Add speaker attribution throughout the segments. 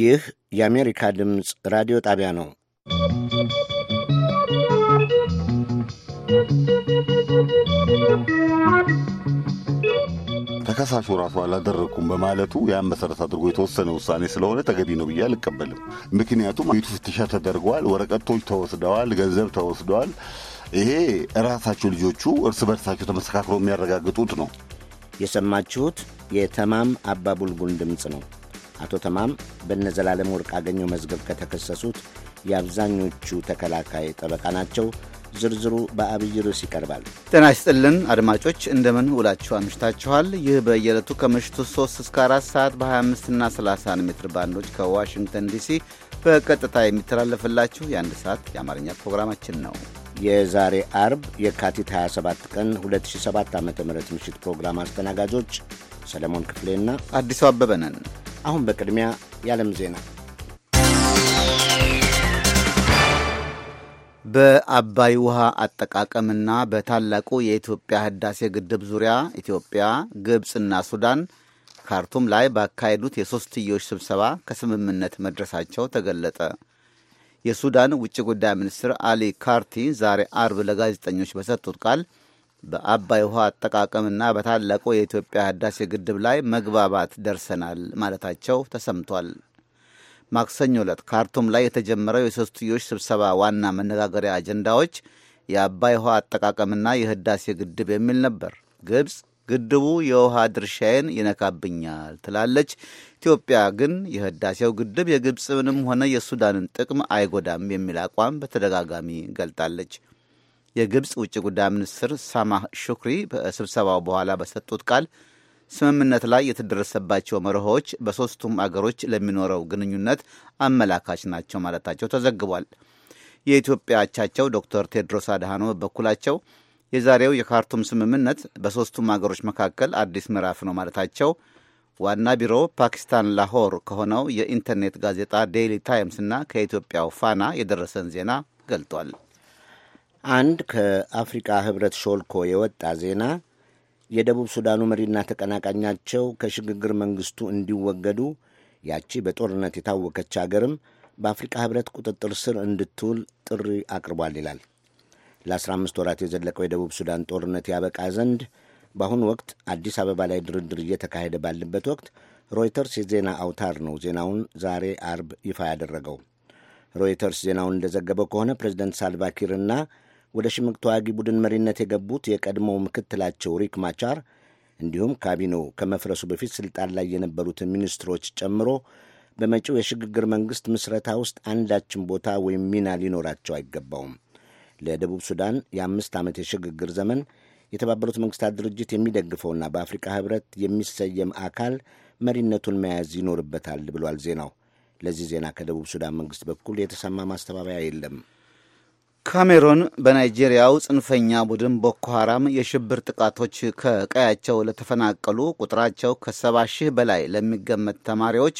Speaker 1: ይህ የአሜሪካ ድምፅ ራዲዮ ጣቢያ ነው።
Speaker 2: ተከሳሹ ራሱ አላደረግኩም በማለቱ ያን መሰረት አድርጎ የተወሰነ ውሳኔ ስለሆነ ተገቢ ነው ብዬ አልቀበልም። ምክንያቱም ቤቱ ፍተሻ ተደርገዋል፣ ወረቀቶች ተወስደዋል፣ ገንዘብ ተወስደዋል። ይሄ ራሳቸው ልጆቹ እርስ በርሳቸው ተመሰካክሎ የሚያረጋግጡት ነው። የሰማችሁት የተማም አባቡልጉን ድምፅ ነው።
Speaker 1: አቶ ተማም በነዘላለም ወርቅ አገኘው መዝገብ ከተከሰሱት የአብዛኞቹ ተከላካይ ጠበቃ ናቸው። ዝርዝሩ በአብይ ርዕስ ይቀርባል።
Speaker 3: ጤና ይስጥልን አድማጮች፣ እንደምን ውላችሁ አምሽታችኋል። ይህ በየዕለቱ ከምሽቱ 3 እስከ 4 ሰዓት በ25ና 30 ሜትር ባንዶች ከዋሽንግተን ዲሲ በቀጥታ የሚተላለፍላችሁ የአንድ ሰዓት
Speaker 1: የአማርኛ ፕሮግራማችን ነው። የዛሬ አርብ የካቲት 27 ቀን 2007 ዓ ም ምሽት ፕሮግራም አስተናጋጆች ሰለሞን ክፍሌና አዲሱ አበበ ነን። አሁን በቅድሚያ የዓለም ዜና።
Speaker 3: በአባይ ውሃ አጠቃቀምና በታላቁ የኢትዮጵያ ህዳሴ ግድብ ዙሪያ ኢትዮጵያ፣ ግብፅና ሱዳን ካርቱም ላይ ባካሄዱት የሦስትዮሽ ስብሰባ ከስምምነት መድረሳቸው ተገለጠ። የሱዳን ውጭ ጉዳይ ሚኒስትር አሊ ካርቲ ዛሬ አርብ ለጋዜጠኞች በሰጡት ቃል በአባይ ውሃ አጠቃቀምና በታላቁ የኢትዮጵያ ህዳሴ ግድብ ላይ መግባባት ደርሰናል ማለታቸው ተሰምቷል። ማክሰኞ ዕለት ካርቱም ላይ የተጀመረው የሶስትዮሽ ስብሰባ ዋና መነጋገሪያ አጀንዳዎች የአባይ ውሃ አጠቃቀምና የህዳሴ ግድብ የሚል ነበር። ግብፅ ግድቡ የውሃ ድርሻዬን ይነካብኛል ትላለች። ኢትዮጵያ ግን የህዳሴው ግድብ የግብፅንም ሆነ የሱዳንን ጥቅም አይጎዳም የሚል አቋም በተደጋጋሚ ገልጣለች። የግብፅ ውጭ ጉዳይ ሚኒስትር ሳማህ ሹክሪ በስብሰባው በኋላ በሰጡት ቃል ስምምነት ላይ የተደረሰባቸው መርሆዎች በሦስቱም አገሮች ለሚኖረው ግንኙነት አመላካች ናቸው ማለታቸው ተዘግቧል። የኢትዮጵያ አቻቸው ዶክተር ቴድሮስ አድሃኖ በበኩላቸው የዛሬው የካርቱም ስምምነት በሦስቱም አገሮች መካከል አዲስ ምዕራፍ ነው ማለታቸው ዋና ቢሮ ፓኪስታን ላሆር ከሆነው የኢንተርኔት ጋዜጣ ዴይሊ ታይምስ እና ከኢትዮጵያው ፋና የደረሰን ዜና ገልጧል።
Speaker 1: አንድ ከአፍሪቃ ህብረት ሾልኮ የወጣ ዜና የደቡብ ሱዳኑ መሪና ተቀናቃኛቸው ከሽግግር መንግስቱ እንዲወገዱ ያቺ በጦርነት የታወከች አገርም በአፍሪቃ ህብረት ቁጥጥር ስር እንድትውል ጥሪ አቅርቧል ይላል። ለ15 ወራት የዘለቀው የደቡብ ሱዳን ጦርነት ያበቃ ዘንድ በአሁኑ ወቅት አዲስ አበባ ላይ ድርድር እየተካሄደ ባለበት ወቅት ሮይተርስ የዜና አውታር ነው ዜናውን ዛሬ አርብ ይፋ ያደረገው። ሮይተርስ ዜናውን እንደዘገበው ከሆነ ፕሬዚደንት ሳልቫኪርና ወደ ሽምቅ ተዋጊ ቡድን መሪነት የገቡት የቀድሞው ምክትላቸው ሪክ ማቻር እንዲሁም ካቢኔው ከመፍረሱ በፊት ስልጣን ላይ የነበሩትን ሚኒስትሮች ጨምሮ በመጪው የሽግግር መንግሥት ምስረታ ውስጥ አንዳችን ቦታ ወይም ሚና ሊኖራቸው አይገባውም። ለደቡብ ሱዳን የአምስት ዓመት የሽግግር ዘመን የተባበሩት መንግስታት ድርጅት የሚደግፈውና በአፍሪካ ህብረት የሚሰየም አካል መሪነቱን መያዝ ይኖርበታል ብሏል ዜናው። ለዚህ ዜና ከደቡብ ሱዳን መንግስት በኩል የተሰማ ማስተባበያ የለም።
Speaker 3: ካሜሩን በናይጄሪያው ጽንፈኛ ቡድን ቦኮ ሐራም የሽብር ጥቃቶች ከቀያቸው ለተፈናቀሉ ቁጥራቸው ከሰባ ሺህ በላይ ለሚገመት ተማሪዎች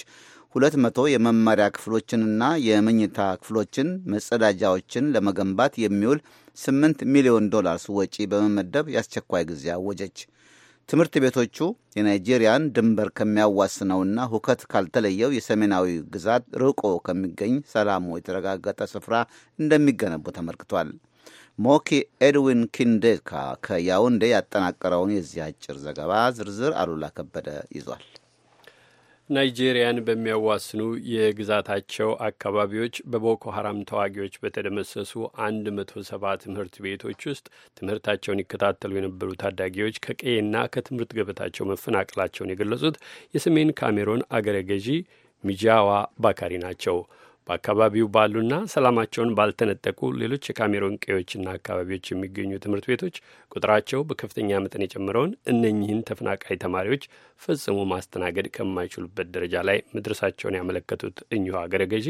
Speaker 3: ሁለት መቶ የመማሪያ ክፍሎችንና የመኝታ ክፍሎችን መጸዳጃዎችን ለመገንባት የሚውል 8 ሚሊዮን ዶላርስ ወጪ በመመደብ የአስቸኳይ ጊዜ አወጀች። ትምህርት ቤቶቹ የናይጄሪያን ድንበር ከሚያዋስነውና ሁከት ካልተለየው የሰሜናዊ ግዛት ርቆ ከሚገኝ ሰላሙ የተረጋገጠ ስፍራ እንደሚገነቡ ተመልክቷል። ሞኪ ኤድዊን ኪንዴካ ከያውንዴ ያጠናቀረውን የዚህ አጭር ዘገባ ዝርዝር አሉላ ከበደ ይዟል።
Speaker 4: ናይጄሪያን በሚያዋስኑ የግዛታቸው አካባቢዎች በቦኮ ሀራም ተዋጊዎች በተደመሰሱ አንድ መቶ ሰባ ትምህርት ቤቶች ውስጥ ትምህርታቸውን ይከታተሉ የነበሩ ታዳጊዎች ከቀዬና ከትምህርት ገበታቸው መፈናቀላቸውን የገለጹት የሰሜን ካሜሮን አገረ ገዢ ሚጃዋ ባካሪ ናቸው። በአካባቢው ባሉና ሰላማቸውን ባልተነጠቁ ሌሎች የካሜሮን ቀዬዎችና አካባቢዎች የሚገኙ ትምህርት ቤቶች ቁጥራቸው በከፍተኛ መጠን የጨመረውን እነኚህን ተፈናቃይ ተማሪዎች ፈጽሞ ማስተናገድ ከማይችሉበት ደረጃ ላይ መድረሳቸውን ያመለከቱት እኚሁ አገረ ገዢ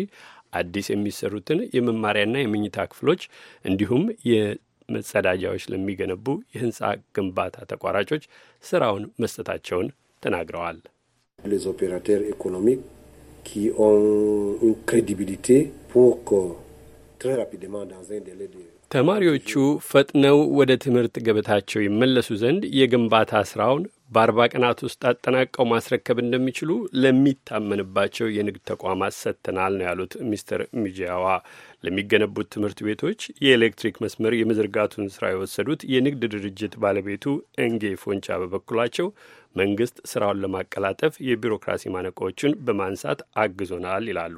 Speaker 4: አዲስ የሚሰሩትን የመማሪያና የመኝታ ክፍሎች እንዲሁም የመጸዳጃዎች ለሚገነቡ የህንፃ ግንባታ ተቋራጮች ስራውን መስጠታቸውን ተናግረዋል። les opérateurs
Speaker 5: qui ont une crédibilité pour que
Speaker 4: très rapidement,
Speaker 6: dans un délai de
Speaker 4: ተማሪዎቹ ፈጥነው ወደ ትምህርት ገበታቸው ይመለሱ ዘንድ የግንባታ ስራውን በአርባ ቀናት ውስጥ አጠናቀው ማስረከብ እንደሚችሉ ለሚታመንባቸው የንግድ ተቋማት ሰጥተናል ነው ያሉት ሚስተር ሚጂያዋ። ለሚገነቡት ትምህርት ቤቶች የኤሌክትሪክ መስመር የመዘርጋቱን ስራ የወሰዱት የንግድ ድርጅት ባለቤቱ እንጌ ፎንቻ በበኩላቸው መንግስት ስራውን ለማቀላጠፍ የቢሮክራሲ ማነቆዎችን በማንሳት አግዞናል ይላሉ።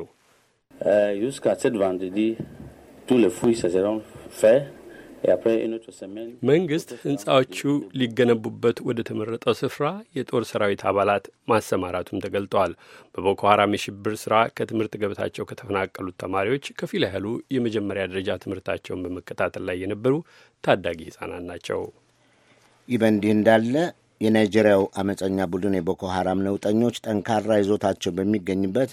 Speaker 4: መንግስት ህንፃዎቹ ሊገነቡበት ወደ ተመረጠው ስፍራ የጦር ሰራዊት አባላት ማሰማራቱም ተገልጠዋል። በቦኮ ሀራም የሽብር ስራ ከትምህርት ገበታቸው ከተፈናቀሉት ተማሪዎች ከፊል ያህሉ የመጀመሪያ ደረጃ ትምህርታቸውን በመከታተል ላይ የነበሩ ታዳጊ ህጻናት ናቸው። ይህ
Speaker 1: በእንዲህ እንዳለ የናይጄሪያው አመፀኛ ቡድን የቦኮ ሐራም ነውጠኞች ጠንካራ ይዞታቸው በሚገኝበት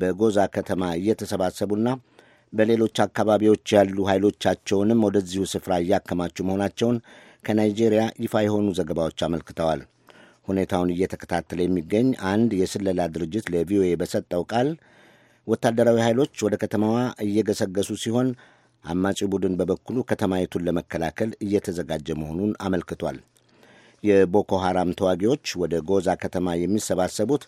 Speaker 1: በጎዛ ከተማ እየተሰባሰቡና በሌሎች አካባቢዎች ያሉ ኃይሎቻቸውንም ወደዚሁ ስፍራ እያከማቹ መሆናቸውን ከናይጄሪያ ይፋ የሆኑ ዘገባዎች አመልክተዋል። ሁኔታውን እየተከታተለ የሚገኝ አንድ የስለላ ድርጅት ለቪኦኤ በሰጠው ቃል ወታደራዊ ኃይሎች ወደ ከተማዋ እየገሰገሱ ሲሆን፣ አማጺው ቡድን በበኩሉ ከተማይቱን ለመከላከል እየተዘጋጀ መሆኑን አመልክቷል። የቦኮ ሐራም ተዋጊዎች ወደ ጎዛ ከተማ የሚሰባሰቡት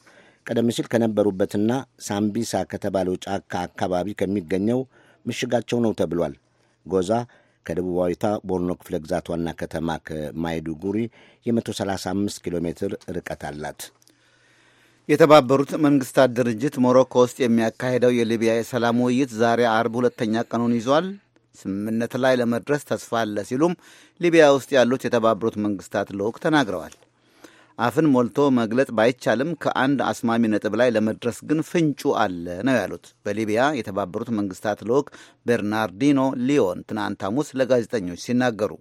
Speaker 1: ቀደም ሲል ከነበሩበትና ሳምቢሳ ከተባለው ጫካ አካባቢ ከሚገኘው ምሽጋቸው ነው ተብሏል። ጎዛ ከደቡባዊቷ ቦርኖ ክፍለ ግዛት ዋና ከተማ ከማይዱጉሪ የ135 ኪሎ ሜትር ርቀት አላት።
Speaker 3: የተባበሩት መንግስታት ድርጅት ሞሮኮ ውስጥ የሚያካሄደው የሊቢያ የሰላም ውይይት ዛሬ አርብ ሁለተኛ ቀኑን ይዟል። ስምምነት ላይ ለመድረስ ተስፋ አለ ሲሉም ሊቢያ ውስጥ ያሉት የተባበሩት መንግስታት ልዑክ ተናግረዋል። አፍን ሞልቶ መግለጽ ባይቻልም ከአንድ አስማሚ ነጥብ ላይ ለመድረስ ግን ፍንጩ አለ ነው ያሉት በሊቢያ የተባበሩት መንግስታት ልዑክ ቤርናርዲኖ ሊዮን ትናንት ሐሙስ ለጋዜጠኞች ሲናገሩ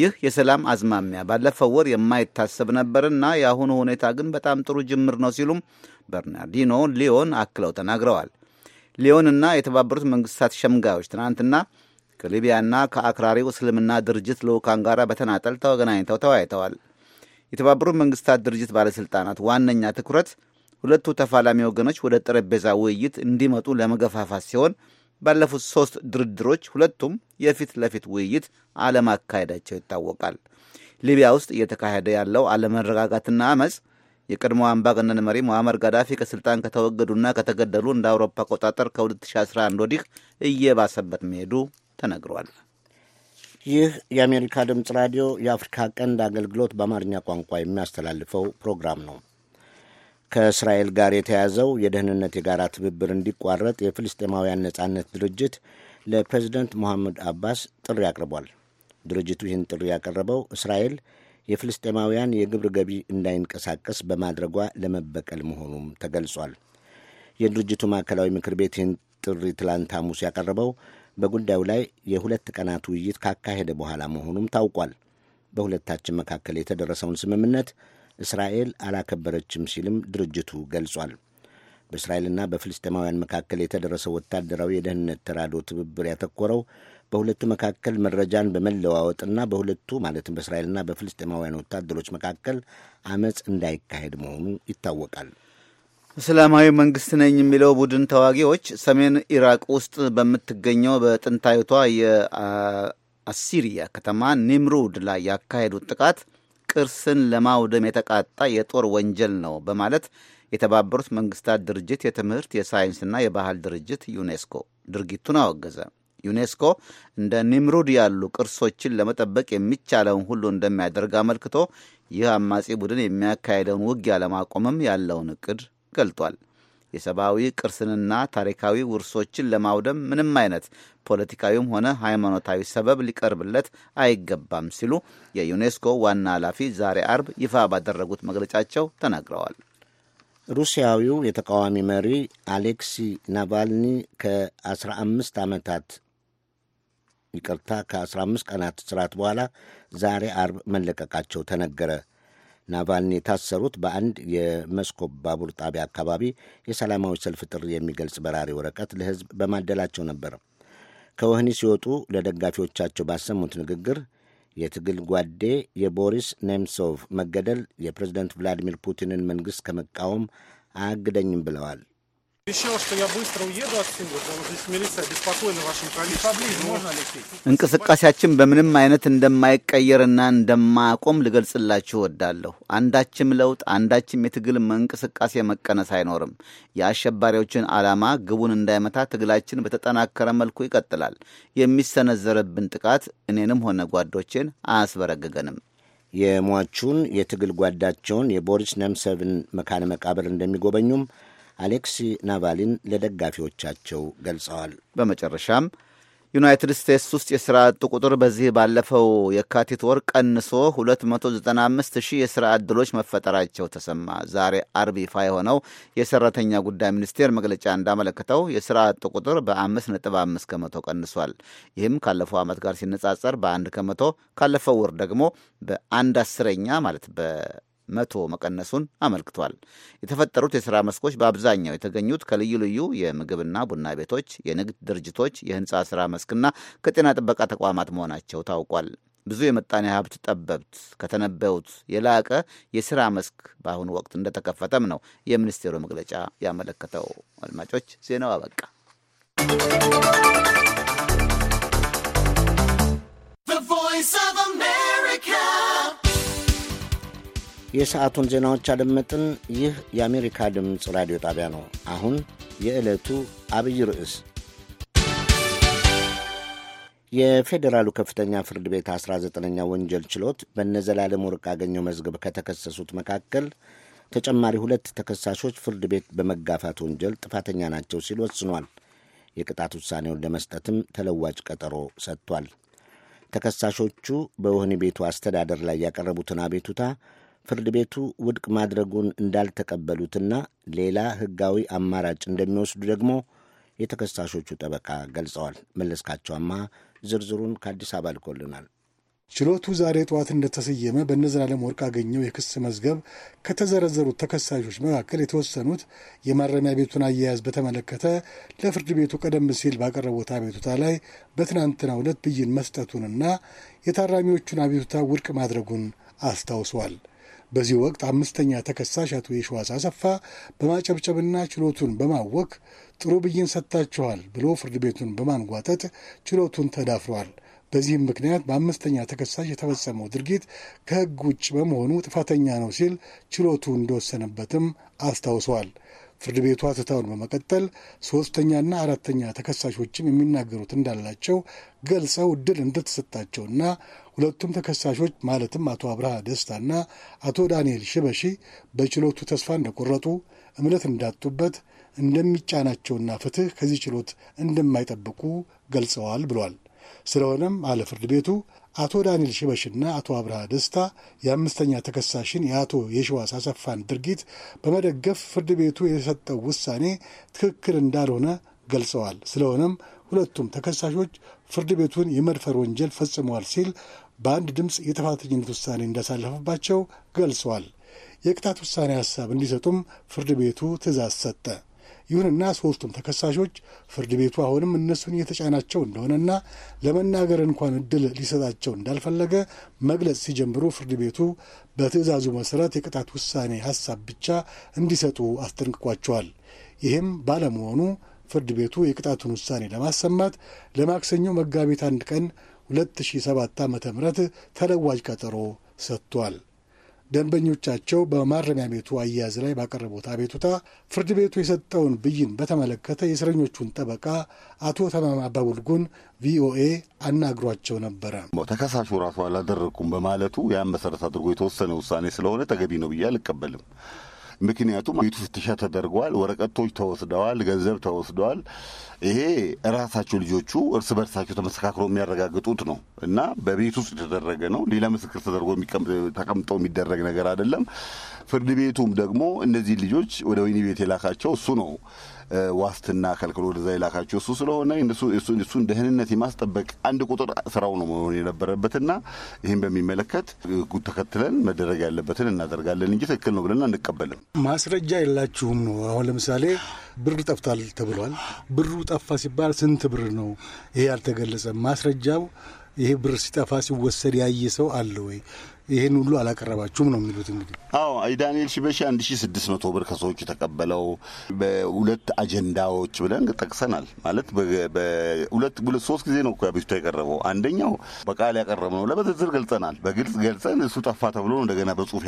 Speaker 3: ይህ የሰላም አዝማሚያ ባለፈው ወር የማይታሰብ ነበርና የአሁኑ ሁኔታ ግን በጣም ጥሩ ጅምር ነው ሲሉም በርናርዲኖ ሊዮን አክለው ተናግረዋል። ሊዮንና የተባበሩት መንግስታት ሸምጋዮች ትናንትና ከሊቢያና ከአክራሪው እስልምና ድርጅት ልዑካን ጋር በተናጠል ተገናኝተው ተወያይተዋል። የተባበሩት መንግስታት ድርጅት ባለሥልጣናት ዋነኛ ትኩረት ሁለቱ ተፋላሚ ወገኖች ወደ ጠረጴዛ ውይይት እንዲመጡ ለመገፋፋት ሲሆን ባለፉት ሦስት ድርድሮች ሁለቱም የፊት ለፊት ውይይት አለማካሄዳቸው ይታወቃል። ሊቢያ ውስጥ እየተካሄደ ያለው አለመረጋጋትና አመፅ የቀድሞ አምባገነን መሪ ሞሐመር ጋዳፊ ከስልጣን ከተወገዱና ከተገደሉ እንደ አውሮፓ አቆጣጠር ከ2011 ወዲህ እየባሰበት መሄዱ
Speaker 1: ተናግረዋል። ይህ የአሜሪካ ድምፅ ራዲዮ የአፍሪካ ቀንድ አገልግሎት በአማርኛ ቋንቋ የሚያስተላልፈው ፕሮግራም ነው። ከእስራኤል ጋር የተያዘው የደህንነት የጋራ ትብብር እንዲቋረጥ የፍልስጤማውያን ነጻነት ድርጅት ለፕሬዚደንት ሞሐመድ አባስ ጥሪ አቅርቧል። ድርጅቱ ይህን ጥሪ ያቀረበው እስራኤል የፍልስጤማውያን የግብር ገቢ እንዳይንቀሳቀስ በማድረጓ ለመበቀል መሆኑም ተገልጿል። የድርጅቱ ማዕከላዊ ምክር ቤት ይህን ጥሪ ትላንት ሐሙስ ያቀረበው በጉዳዩ ላይ የሁለት ቀናት ውይይት ካካሄደ በኋላ መሆኑም ታውቋል። በሁለታችን መካከል የተደረሰውን ስምምነት እስራኤል አላከበረችም ሲልም ድርጅቱ ገልጿል። በእስራኤልና በፍልስጤማውያን መካከል የተደረሰው ወታደራዊ የደህንነት ተራድኦ ትብብር ያተኮረው በሁለቱ መካከል መረጃን በመለዋወጥና በሁለቱ ማለትም በእስራኤልና በፍልስጤማውያን ወታደሮች መካከል አመፅ እንዳይካሄድ መሆኑ ይታወቃል። እስላማዊ
Speaker 3: መንግስት ነኝ የሚለው ቡድን ተዋጊዎች ሰሜን ኢራቅ ውስጥ በምትገኘው በጥንታዊቷ የአሲሪያ ከተማ ኒምሩድ ላይ ያካሄዱት ጥቃት ቅርስን ለማውደም የተቃጣ የጦር ወንጀል ነው በማለት የተባበሩት መንግስታት ድርጅት የትምህርት የሳይንስና የባህል ድርጅት ዩኔስኮ ድርጊቱን አወገዘ። ዩኔስኮ እንደ ኒምሩድ ያሉ ቅርሶችን ለመጠበቅ የሚቻለውን ሁሉ እንደሚያደርግ አመልክቶ ይህ አማጺ ቡድን የሚያካሄደውን ውጊያ ለማቆምም ያለውን እቅድ ገልጧል። የሰብአዊ ቅርስንና ታሪካዊ ውርሶችን ለማውደም ምንም አይነት ፖለቲካዊም ሆነ ሃይማኖታዊ ሰበብ ሊቀርብለት አይገባም ሲሉ የዩኔስኮ ዋና ኃላፊ ዛሬ አርብ ይፋ ባደረጉት መግለጫቸው ተናግረዋል።
Speaker 1: ሩሲያዊው የተቃዋሚ መሪ አሌክሲ ናቫልኒ ከ15 ዓመታት ይቅርታ ከ15 ቀናት ስርዓት በኋላ ዛሬ አርብ መለቀቃቸው ተነገረ። ናቫልኒ የታሰሩት በአንድ የመስኮብ ባቡር ጣቢያ አካባቢ የሰላማዊ ሰልፍ ጥሪ የሚገልጽ በራሪ ወረቀት ለሕዝብ በማደላቸው ነበር። ከወህኒ ሲወጡ ለደጋፊዎቻቸው ባሰሙት ንግግር የትግል ጓዴ የቦሪስ ኔምሶቭ መገደል የፕሬዝደንት ቭላዲሚር ፑቲንን መንግሥት ከመቃወም አያግደኝም ብለዋል።
Speaker 3: እንቅስቃሴያችን በምንም አይነት እንደማይቀየርና እንደማያቆም ልገልጽላችሁ ወዳለሁ አንዳችም ለውጥ፣ አንዳችም የትግል እንቅስቃሴ መቀነስ አይኖርም። የአሸባሪዎችን ዓላማ ግቡን እንዳይመታ ትግላችን በተጠናከረ መልኩ ይቀጥላል።
Speaker 1: የሚሰነዘርብን ጥቃት እኔንም ሆነ ጓዶቼን አያስበረግገንም። የሟቹን የትግል ጓዳቸውን የቦሪስ ነምሰብን መካነ መቃብር እንደሚጎበኙም አሌክሲ ናቫሊን ለደጋፊዎቻቸው ገልጸዋል። በመጨረሻም ዩናይትድ
Speaker 3: ስቴትስ ውስጥ የሥራ አጡ ቁጥር በዚህ ባለፈው የካቲት ወር ቀንሶ 295 ሺህ የሥራ ዕድሎች መፈጠራቸው ተሰማ። ዛሬ አርብ ይፋ የሆነው የሠራተኛ ጉዳይ ሚኒስቴር መግለጫ እንዳመለከተው የሥራ አጡ ቁጥር በ5.5 ከመቶ ቀንሷል። ይህም ካለፈው ዓመት ጋር ሲነጻጸር በአንድ ከመቶ ካለፈው ወር ደግሞ በአንድ አስረኛ ማለት በ መቶ መቀነሱን አመልክቷል። የተፈጠሩት የሥራ መስኮች በአብዛኛው የተገኙት ከልዩ ልዩ የምግብና ቡና ቤቶች፣ የንግድ ድርጅቶች፣ የህንፃ ሥራ መስክና ከጤና ጥበቃ ተቋማት መሆናቸው ታውቋል። ብዙ የመጣኔ ሀብት ጠበብት ከተነበዩት የላቀ የሥራ መስክ በአሁኑ ወቅት እንደተከፈተም ነው የሚኒስቴሩ መግለጫ ያመለከተው። አድማጮች ዜናው አበቃ።
Speaker 1: የሰዓቱን ዜናዎች አደመጥን። ይህ የአሜሪካ ድምፅ ራዲዮ ጣቢያ ነው። አሁን የዕለቱ አብይ ርዕስ የፌዴራሉ ከፍተኛ ፍርድ ቤት 19ኛ ወንጀል ችሎት በነ ዘላለም ወርቅአገኘሁ መዝገብ ከተከሰሱት መካከል ተጨማሪ ሁለት ተከሳሾች ፍርድ ቤት በመጋፋት ወንጀል ጥፋተኛ ናቸው ሲል ወስኗል። የቅጣት ውሳኔውን ለመስጠትም ተለዋጭ ቀጠሮ ሰጥቷል። ተከሳሾቹ በወህኒ ቤቱ አስተዳደር ላይ ያቀረቡትን አቤቱታ ፍርድ ቤቱ ውድቅ ማድረጉን እንዳልተቀበሉትና ሌላ ሕጋዊ አማራጭ እንደሚወስዱ ደግሞ የተከሳሾቹ ጠበቃ ገልጸዋል። መለስካቸዋማ ዝርዝሩን ከአዲስ አበባ ልኮልናል።
Speaker 7: ችሎቱ ዛሬ ጠዋት እንደተሰየመ በነዘላለም ወርቅ አገኘው የክስ መዝገብ ከተዘረዘሩት ተከሳሾች መካከል የተወሰኑት የማረሚያ ቤቱን አያያዝ በተመለከተ ለፍርድ ቤቱ ቀደም ሲል ባቀረቡት አቤቱታ ላይ በትናንትናው ዕለት ብይን መስጠቱንና የታራሚዎቹን አቤቱታ ውድቅ ማድረጉን አስታውሷል። በዚህ ወቅት አምስተኛ ተከሳሽ አቶ የሸዋስ አሰፋ በማጨብጨብና ችሎቱን በማወክ ጥሩ ብይን ሰጥታችኋል ብሎ ፍርድ ቤቱን በማንጓጠጥ ችሎቱን ተዳፍሯል። በዚህም ምክንያት በአምስተኛ ተከሳሽ የተፈጸመው ድርጊት ከሕግ ውጭ በመሆኑ ጥፋተኛ ነው ሲል ችሎቱ እንደወሰነበትም አስታውሷል። ፍርድ ቤቱ ትተውን በመቀጠል ሶስተኛና አራተኛ ተከሳሾችም የሚናገሩት እንዳላቸው ገልጸው እድል እንደተሰጣቸውና ሁለቱም ተከሳሾች ማለትም አቶ አብርሃ ደስታና አቶ ዳንኤል ሽበሺ በችሎቱ ተስፋ እንደቆረጡ እምነት እንዳጡበት እንደሚጫናቸውና ፍትህ ከዚህ ችሎት እንደማይጠብቁ ገልጸዋል ብሏል። ስለሆነም አለ ፍርድ ቤቱ አቶ ዳንኤል ሽበሽና አቶ አብርሃ ደስታ የአምስተኛ ተከሳሽን የአቶ የሸዋስ አሰፋን ድርጊት በመደገፍ ፍርድ ቤቱ የሰጠው ውሳኔ ትክክል እንዳልሆነ ገልጸዋል። ስለሆነም ሁለቱም ተከሳሾች ፍርድ ቤቱን የመድፈር ወንጀል ፈጽመዋል ሲል በአንድ ድምፅ የጥፋተኝነት ውሳኔ እንዳሳለፈባቸው ገልጸዋል። የቅጣት ውሳኔ ሀሳብ እንዲሰጡም ፍርድ ቤቱ ትእዛዝ ሰጠ። ይሁንና ሶስቱም ተከሳሾች ፍርድ ቤቱ አሁንም እነሱን እየተጫናቸው እንደሆነና ለመናገር እንኳን እድል ሊሰጣቸው እንዳልፈለገ መግለጽ ሲጀምሩ ፍርድ ቤቱ በትዕዛዙ መሰረት የቅጣት ውሳኔ ሀሳብ ብቻ እንዲሰጡ አስጠንቅቋቸዋል። ይህም ባለመሆኑ ፍርድ ቤቱ የቅጣቱን ውሳኔ ለማሰማት ለማክሰኞ መጋቢት አንድ ቀን 2007 ዓ ም ተለዋጅ ቀጠሮ ሰጥቷል። ደንበኞቻቸው በማረሚያ ቤቱ አያያዝ ላይ ባቀረቡት አቤቱታ ፍርድ ቤቱ የሰጠውን ብይን በተመለከተ የእስረኞቹን ጠበቃ አቶ ተማም አባቡልጉን ቪኦኤ አናግሯቸው ነበረ።
Speaker 2: ተከሳሹ ራሱ አላደረግኩም በማለቱ ያን መሰረት አድርጎ የተወሰነ ውሳኔ ስለሆነ ተገቢ ነው ብዬ አልቀበልም። ምክንያቱም ቤቱ ፍተሻ ተደርገዋል፣ ወረቀቶች ተወስደዋል፣ ገንዘብ ተወስደዋል። ይሄ ራሳቸው ልጆቹ እርስ በርሳቸው ተመሰካክሮ የሚያረጋግጡት ነው እና በቤት ውስጥ የተደረገ ነው። ሌላ ምስክር ተደርጎ ተቀምጦ የሚደረግ ነገር አይደለም። ፍርድ ቤቱም ደግሞ እነዚህ ልጆች ወደ ወህኒ ቤት የላካቸው እሱ ነው። ዋስትና ከልክሎ ወደዛ የላካቸው እሱ ስለሆነ እሱን ደህንነት የማስጠበቅ አንድ ቁጥር ስራው ነው መሆን የነበረበትና ይህን በሚመለከት ተከትለን መደረግ ያለበትን እናደርጋለን እንጂ ትክክል ነው ብለን አንቀበልም።
Speaker 7: ማስረጃ የላችሁም ነው። አሁን ለምሳሌ ብር ጠፍቷል ተብሏል። ብሩ ጠፋ ሲባል ስንት ብር ነው? ይሄ አልተገለጸም። ማስረጃው ይሄ ብር ሲጠፋ ሲወሰድ ያየ ሰው አለ ወይ? ይህን ሁሉ አላቀረባችሁም ነው የሚሉት። እንግዲህ
Speaker 2: አዎ ዳንኤል ሺበሺ 1600 ብር ከሰዎች የተቀበለው በሁለት አጀንዳዎች ብለን ጠቅሰናል። ማለት ሁለት ሶስት ጊዜ ነው አቤቱታ የቀረበው። አንደኛው በቃል ነው፣ ለበዝርዝር ገልጸናል። በግልጽ ገልጸን እሱ ጠፋ ተብሎ እንደገና በጽሁፍ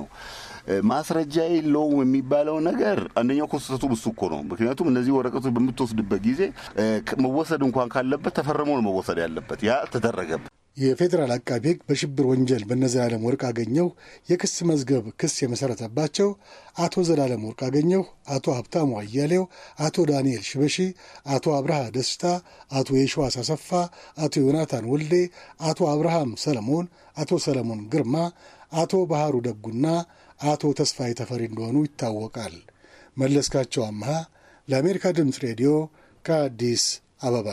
Speaker 2: ነው ማስረጃ የለውም የሚባለው ነገር አንደኛው ኮስተቱ እሱ እኮ ነው። ምክንያቱም እነዚህ ወረቀቶች በምትወስድበት ጊዜ መወሰድ እንኳን ካለበት ተፈርሞ ነው መወሰድ ያለበት። ያ ተደረገበት።
Speaker 7: የፌዴራል አቃቢ ህግ በሽብር ወንጀል በነዘላለም ወርቅ አገኘሁ የክስ መዝገብ ክስ የመሠረተባቸው አቶ ዘላለም ወርቅ አገኘሁ፣ አቶ ሀብታሙ አያሌው፣ አቶ ዳንኤል ሽበሺ፣ አቶ አብርሃ ደስታ፣ አቶ የሸዋስ አሰፋ፣ አቶ ዮናታን ወልዴ፣ አቶ አብርሃም ሰለሞን፣ አቶ ሰለሞን ግርማ፣ አቶ ባህሩ ደጉና አቶ ተስፋዬ ተፈሪ እንደሆኑ ይታወቃል። መለስካቸው አምሃ ለአሜሪካ ድምፅ ሬዲዮ ከአዲስ አበባ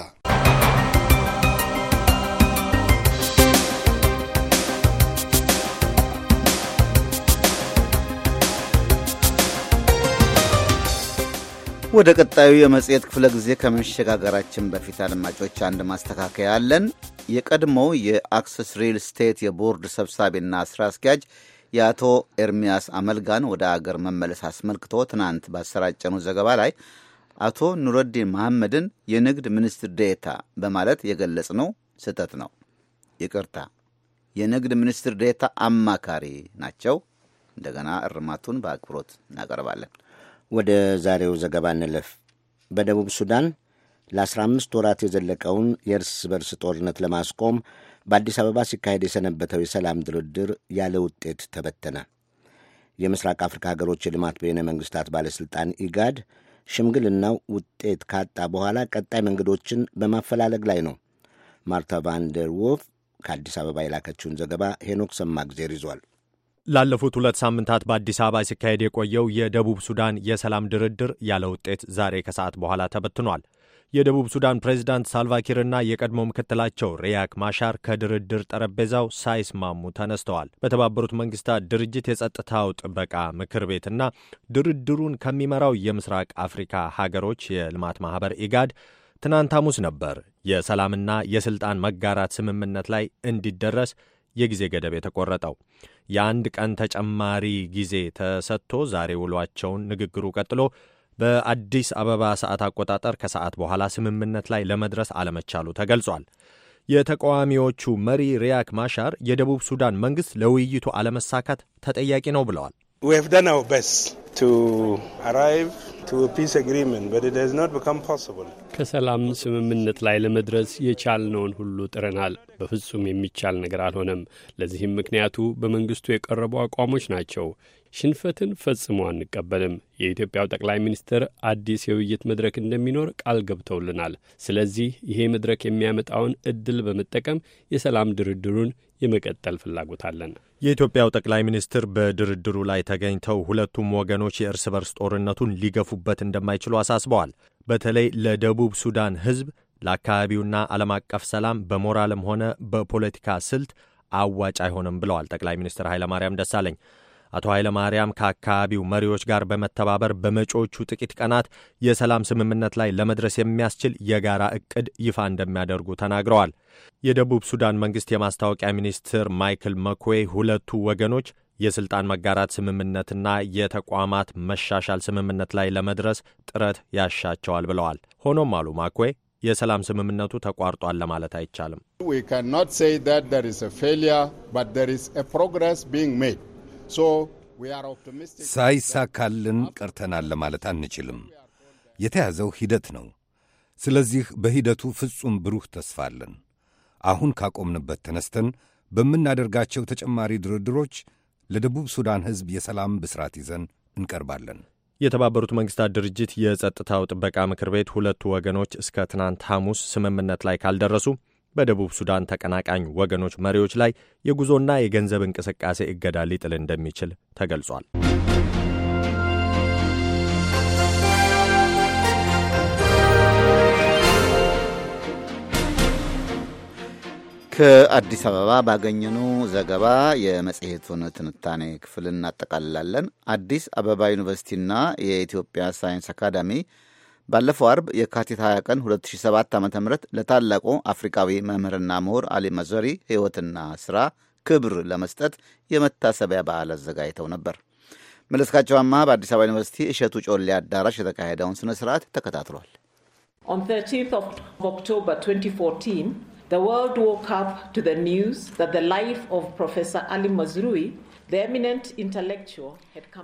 Speaker 3: ወደ ቀጣዩ የመጽሔት ክፍለ ጊዜ ከመሸጋገራችን በፊት አድማጮች አንድ ማስተካከያ አለን። የቀድሞ የአክሰስ ሪል ስቴት የቦርድ ሰብሳቢና ስራ አስኪያጅ የአቶ ኤርሚያስ አመልጋን ወደ አገር መመለስ አስመልክቶ ትናንት ባሰራጨኑ ዘገባ ላይ አቶ ኑረዲን መሐመድን የንግድ ሚኒስትር ዴታ በማለት የገለጽነው ስህተት ነው። ይቅርታ፣ የንግድ ሚኒስትር ዴታ አማካሪ
Speaker 1: ናቸው። እንደገና እርማቱን በአክብሮት እናቀርባለን። ወደ ዛሬው ዘገባ እንለፍ። በደቡብ ሱዳን ለ15 ወራት የዘለቀውን የእርስ በርስ ጦርነት ለማስቆም በአዲስ አበባ ሲካሄድ የሰነበተው የሰላም ድርድር ያለ ውጤት ተበተነ። የምስራቅ አፍሪካ ሀገሮች የልማት በይነ መንግሥታት ባለሥልጣን ኢጋድ ሽምግልናው ውጤት ካጣ በኋላ ቀጣይ መንገዶችን በማፈላለግ ላይ ነው። ማርታ ቫንደር ከአዲስ አበባ የላከችውን ዘገባ ሄኖክ ሰማግዜር ይዟል።
Speaker 8: ላለፉት ሁለት ሳምንታት በአዲስ አበባ ሲካሄድ የቆየው የደቡብ ሱዳን የሰላም ድርድር ያለ ውጤት ዛሬ ከሰዓት በኋላ ተበትኗል። የደቡብ ሱዳን ፕሬዚዳንት ሳልቫኪርና የቀድሞ ምክትላቸው ሪያክ ማሻር ከድርድር ጠረጴዛው ሳይስማሙ ተነስተዋል። በተባበሩት መንግስታት ድርጅት የጸጥታው ጥበቃ ምክር ቤትና ድርድሩን ከሚመራው የምስራቅ አፍሪካ ሀገሮች የልማት ማህበር ኢጋድ ትናንት ሐሙስ ነበር የሰላምና የስልጣን መጋራት ስምምነት ላይ እንዲደረስ የጊዜ ገደብ የተቆረጠው። የአንድ ቀን ተጨማሪ ጊዜ ተሰጥቶ ዛሬ ውሏቸውን ንግግሩ ቀጥሎ በአዲስ አበባ ሰዓት አቆጣጠር ከሰዓት በኋላ ስምምነት ላይ ለመድረስ አለመቻሉ ተገልጿል። የተቃዋሚዎቹ መሪ ሪያክ ማሻር የደቡብ ሱዳን መንግሥት ለውይይቱ አለመሳካት ተጠያቂ ነው ብለዋል።
Speaker 4: ከሰላም ስምምነት ላይ ለመድረስ የቻልነውን ሁሉ ጥረናል። በፍጹም የሚቻል ነገር አልሆነም። ለዚህም ምክንያቱ በመንግስቱ የቀረቡ አቋሞች ናቸው። ሽንፈትን ፈጽሞ አንቀበልም። የኢትዮጵያው ጠቅላይ ሚኒስትር አዲስ የውይይት መድረክ እንደሚኖር ቃል ገብተውልናል። ስለዚህ ይሄ መድረክ የሚያመጣውን እድል በመጠቀም የሰላም ድርድሩን የመቀጠል ፍላጎት አለን።
Speaker 8: የኢትዮጵያው ጠቅላይ ሚኒስትር በድርድሩ ላይ ተገኝተው ሁለቱም ወገኖች የእርስ በርስ ጦርነቱን ሊገፉበት እንደማይችሉ አሳስበዋል። በተለይ ለደቡብ ሱዳን ሕዝብ ለአካባቢውና ዓለም አቀፍ ሰላም በሞራልም ሆነ በፖለቲካ ስልት አዋጭ አይሆንም ብለዋል ጠቅላይ ሚኒስትር ኃይለማርያም ደሳለኝ። አቶ ኃይለማርያም ከአካባቢው መሪዎች ጋር በመተባበር በመጪዎቹ ጥቂት ቀናት የሰላም ስምምነት ላይ ለመድረስ የሚያስችል የጋራ እቅድ ይፋ እንደሚያደርጉ ተናግረዋል። የደቡብ ሱዳን መንግሥት የማስታወቂያ ሚኒስትር ማይክል መኮዌ ሁለቱ ወገኖች የስልጣን መጋራት ስምምነትና የተቋማት መሻሻል ስምምነት ላይ ለመድረስ ጥረት ያሻቸዋል ብለዋል። ሆኖም አሉ ማኮዌ የሰላም ስምምነቱ ተቋርጧል ለማለት አይቻልም።
Speaker 5: ሳይሳካልን ቀርተናል ለማለት አንችልም። የተያዘው ሂደት ነው። ስለዚህ በሂደቱ ፍጹም ብሩህ ተስፋ አለን። አሁን ካቆምንበት ተነስተን በምናደርጋቸው ተጨማሪ ድርድሮች ለደቡብ ሱዳን ሕዝብ የሰላም ብስራት ይዘን እንቀርባለን።
Speaker 8: የተባበሩት መንግስታት ድርጅት የጸጥታው ጥበቃ ምክር ቤት ሁለቱ ወገኖች እስከ ትናንት ሐሙስ ስምምነት ላይ ካልደረሱ በደቡብ ሱዳን ተቀናቃኝ ወገኖች መሪዎች ላይ የጉዞና የገንዘብ እንቅስቃሴ እገዳ ሊጥል እንደሚችል ተገልጿል።
Speaker 3: ከአዲስ አበባ ባገኘነው ዘገባ የመጽሔቱን ትንታኔ ክፍል እናጠቃልላለን። አዲስ አበባ ዩኒቨርሲቲና የኢትዮጵያ ሳይንስ አካዳሚ ባለፈው አርብ የካቲት 20 ቀን 2007 ዓ ም ለታላቁ አፍሪካዊ መምህርና ምሁር አሊ መዘሪ ሕይወትና ሥራ ክብር ለመስጠት የመታሰቢያ በዓል አዘጋጅተው ነበር። መለስካቸው አማ በአዲስ አበባ ዩኒቨርሲቲ እሸቱ ጮሌ አዳራሽ የተካሄደውን ስነ ስርዓት ተከታትሏል።
Speaker 9: ኦክቶበር 2014, the world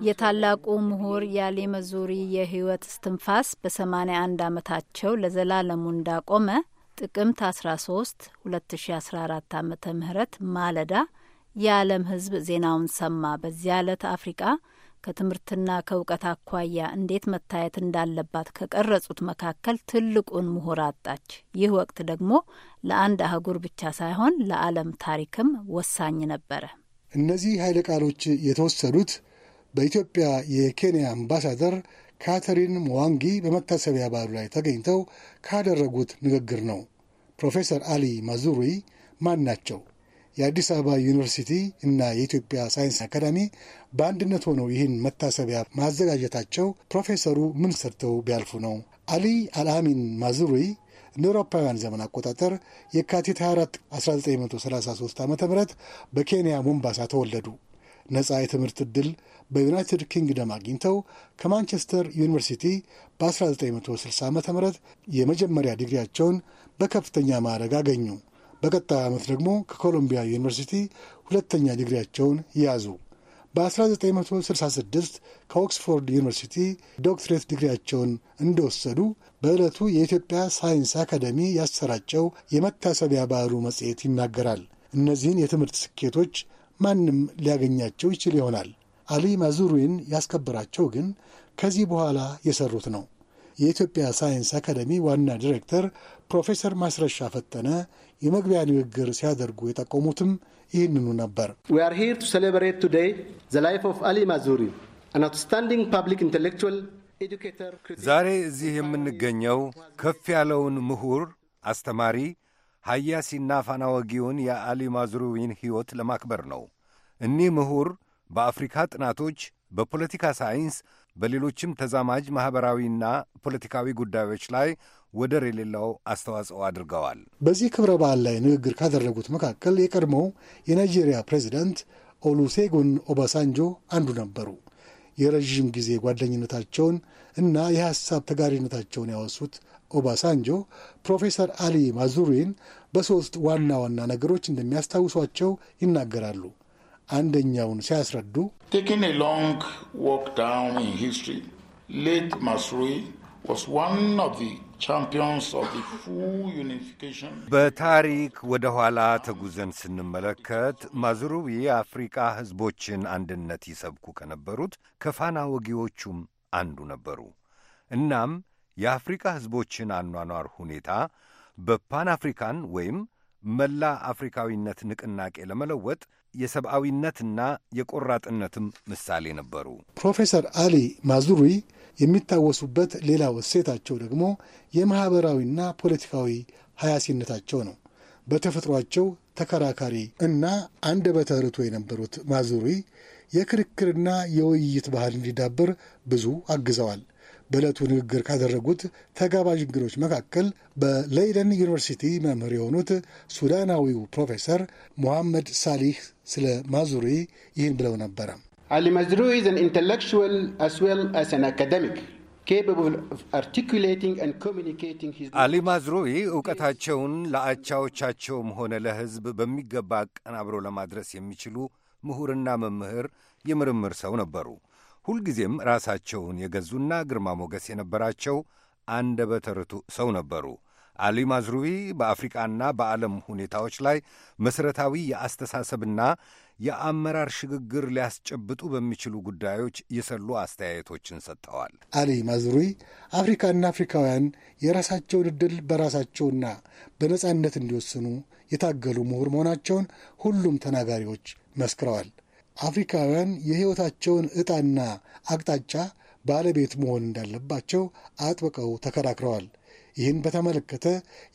Speaker 10: የታላቁ ምሁር ያሌ መዞሪ የህይወት እስትንፋስ በ81 ዓመታቸው ለዘላለሙ እንዳቆመ ጥቅምት 13 2014 ዓ ም ማለዳ የዓለም ህዝብ ዜናውን ሰማ። በዚያ ዕለት አፍሪቃ ከትምህርትና ከእውቀት አኳያ እንዴት መታየት እንዳለባት ከቀረጹት መካከል ትልቁን ምሁር አጣች። ይህ ወቅት ደግሞ ለአንድ አህጉር ብቻ ሳይሆን ለዓለም ታሪክም ወሳኝ ነበረ።
Speaker 7: እነዚህ ኃይለ ቃሎች የተወሰዱት በኢትዮጵያ የኬንያ አምባሳደር ካተሪን ሞዋንጊ በመታሰቢያ በዓሉ ላይ ተገኝተው ካደረጉት ንግግር ነው። ፕሮፌሰር አሊ ማዙሪ ማን ናቸው? የአዲስ አበባ ዩኒቨርሲቲ እና የኢትዮጵያ ሳይንስ አካዳሚ በአንድነት ሆነው ይህን መታሰቢያ ማዘጋጀታቸው ፕሮፌሰሩ ምን ሰርተው ቢያልፉ ነው? አሊ አልአሚን ማዙሪ እንደ አውሮፓውያን ዘመን አቆጣጠር የካቲት 24 1933 ዓ ም በኬንያ ሞምባሳ ተወለዱ። ነፃ የትምህርት ዕድል በዩናይትድ ኪንግደም አግኝተው ከማንቸስተር ዩኒቨርሲቲ በ1960 ዓ ም የመጀመሪያ ዲግሪያቸውን በከፍተኛ ማዕረግ አገኙ። በቀጣዩ ዓመት ደግሞ ከኮሎምቢያ ዩኒቨርሲቲ ሁለተኛ ዲግሪያቸውን ያዙ። በ1966 ከኦክስፎርድ ዩኒቨርሲቲ ዶክትሬት ዲግሪያቸውን እንደወሰዱ በዕለቱ የኢትዮጵያ ሳይንስ አካደሚ ያሰራጨው የመታሰቢያ በዓሉ መጽሔት ይናገራል። እነዚህን የትምህርት ስኬቶች ማንም ሊያገኛቸው ይችል ይሆናል። አሊ ማዙሩዊን ያስከበራቸው ግን ከዚህ በኋላ የሰሩት ነው። የኢትዮጵያ ሳይንስ አካደሚ ዋና ዲሬክተር ፕሮፌሰር ማስረሻ ፈጠነ የመግቢያ ንግግር ሲያደርጉ የጠቆሙትም ይህንኑ ነበር።
Speaker 5: ዛሬ እዚህ የምንገኘው ከፍ ያለውን ምሁር፣ አስተማሪ፣ ሐያሲና ፋናወጊውን የአሊ ማዝሩዊን ሕይወት ለማክበር ነው። እኒህ ምሁር በአፍሪካ ጥናቶች፣ በፖለቲካ ሳይንስ፣ በሌሎችም ተዛማጅ ማኅበራዊና ፖለቲካዊ ጉዳዮች ላይ ወደር የሌለው አስተዋጽኦ አድርገዋል።
Speaker 7: በዚህ ክብረ በዓል ላይ ንግግር ካደረጉት መካከል የቀድሞው የናይጄሪያ ፕሬዚደንት ኦሉሴጉን ኦባሳንጆ አንዱ ነበሩ። የረዥም ጊዜ ጓደኝነታቸውን እና የሐሳብ ተጋሪነታቸውን ያወሱት ኦባሳንጆ ፕሮፌሰር አሊ ማዙሪን በሦስት ዋና ዋና ነገሮች እንደሚያስታውሷቸው ይናገራሉ። አንደኛውን ሲያስረዱ
Speaker 2: ቴኪንግ
Speaker 5: በታሪክ ወደ ኋላ ተጉዘን ስንመለከት ማዙሩዊ የአፍሪቃ ሕዝቦችን አንድነት ይሰብኩ ከነበሩት ከፋና ወጊዎቹም አንዱ ነበሩ። እናም የአፍሪቃ ሕዝቦችን አኗኗር ሁኔታ በፓን አፍሪካን ወይም መላ አፍሪካዊነት ንቅናቄ ለመለወጥ የሰብአዊነትና የቆራጥነትም ምሳሌ ነበሩ።
Speaker 7: ፕሮፌሰር አሊ ማዙሩይ የሚታወሱበት ሌላው እሴታቸው ደግሞ የማኅበራዊና ፖለቲካዊ ሀያሲነታቸው ነው። በተፈጥሯቸው ተከራካሪ እና አንደበተ ርቱዕ የነበሩት ማዙሪ የክርክርና የውይይት ባህል እንዲዳብር ብዙ አግዘዋል። በዕለቱ ንግግር ካደረጉት ተጋባዥ እንግዶች መካከል በሌይደን ዩኒቨርሲቲ መምህር የሆኑት ሱዳናዊው ፕሮፌሰር ሞሐመድ ሳሊህ ስለ ማዙሪ ይህን ብለው ነበረ።
Speaker 4: Ali Mazrou is an intellectual as well as an academic.
Speaker 5: አሊ ማዝሩዊ እውቀታቸውን ለአቻዎቻቸውም ሆነ ለሕዝብ በሚገባ አቀናብሮ ለማድረስ የሚችሉ ምሁርና መምህር የምርምር ሰው ነበሩ። ሁልጊዜም ራሳቸውን የገዙና ግርማ ሞገስ የነበራቸው አንደበተ ርቱዕ ሰው ነበሩ። አሊ ማዝሩዊ በአፍሪቃና በዓለም ሁኔታዎች ላይ መሠረታዊ የአስተሳሰብና የአመራር ሽግግር ሊያስጨብጡ በሚችሉ ጉዳዮች የሰሉ አስተያየቶችን ሰጥተዋል።
Speaker 7: አሊ ማዝሩዊ አፍሪካና አፍሪካውያን የራሳቸውን እድል በራሳቸውና በነጻነት እንዲወስኑ የታገሉ ምሁር መሆናቸውን ሁሉም ተናጋሪዎች መስክረዋል። አፍሪካውያን የሕይወታቸውን ዕጣና አቅጣጫ ባለቤት መሆን እንዳለባቸው አጥብቀው ተከራክረዋል። ይህን በተመለከተ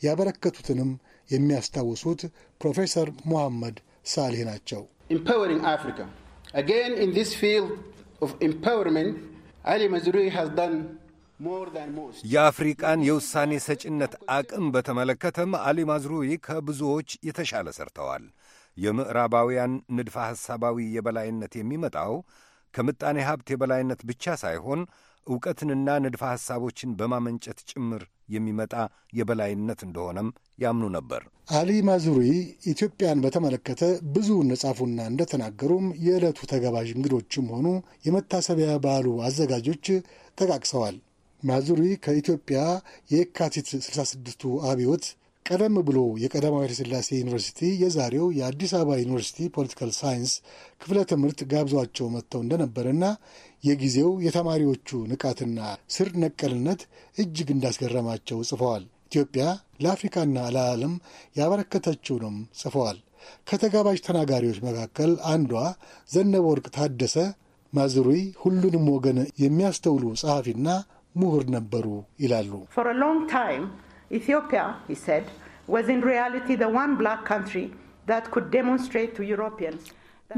Speaker 7: ያበረከቱትንም የሚያስታውሱት ፕሮፌሰር ሙሐመድ ። ሳሌህ ናቸው።
Speaker 4: አፍሪካ አጌን ፊልድ ኦፍ አሊ
Speaker 5: የአፍሪቃን የውሳኔ ሰጪነት አቅም በተመለከተም አሊ ማዝሩዊ ከብዙዎች የተሻለ ሰርተዋል። የምዕራባውያን ንድፈ ሐሳባዊ የበላይነት የሚመጣው ከምጣኔ ሀብት የበላይነት ብቻ ሳይሆን እውቀትንና ንድፈ ሐሳቦችን በማመንጨት ጭምር የሚመጣ የበላይነት እንደሆነም ያምኑ ነበር። አሊ ማዙሪ
Speaker 7: ኢትዮጵያን በተመለከተ ብዙ እንደጻፉና እንደተናገሩም የዕለቱ ተጋባዥ እንግዶችም ሆኑ የመታሰቢያ በዓሉ አዘጋጆች ጠቃቅሰዋል። ማዙሪ ከኢትዮጵያ የካቲት 66ቱ አብዮት ቀደም ብሎ የቀዳማዊ ኃይለ ሥላሴ ዩኒቨርሲቲ የዛሬው የአዲስ አበባ ዩኒቨርሲቲ ፖለቲካል ሳይንስ ክፍለ ትምህርት ጋብዟቸው መጥተው እንደነበረና የጊዜው የተማሪዎቹ ንቃትና ስር ነቀልነት እጅግ እንዳስገረማቸው ጽፈዋል። ኢትዮጵያ ለአፍሪካና ለዓለም ያበረከተችውንም ጽፈዋል። ከተጋባዥ ተናጋሪዎች መካከል አንዷ ዘነበ ወርቅ ታደሰ ማዝሩይ ሁሉንም ወገን የሚያስተውሉ ጸሐፊና ምሁር ነበሩ ይላሉ።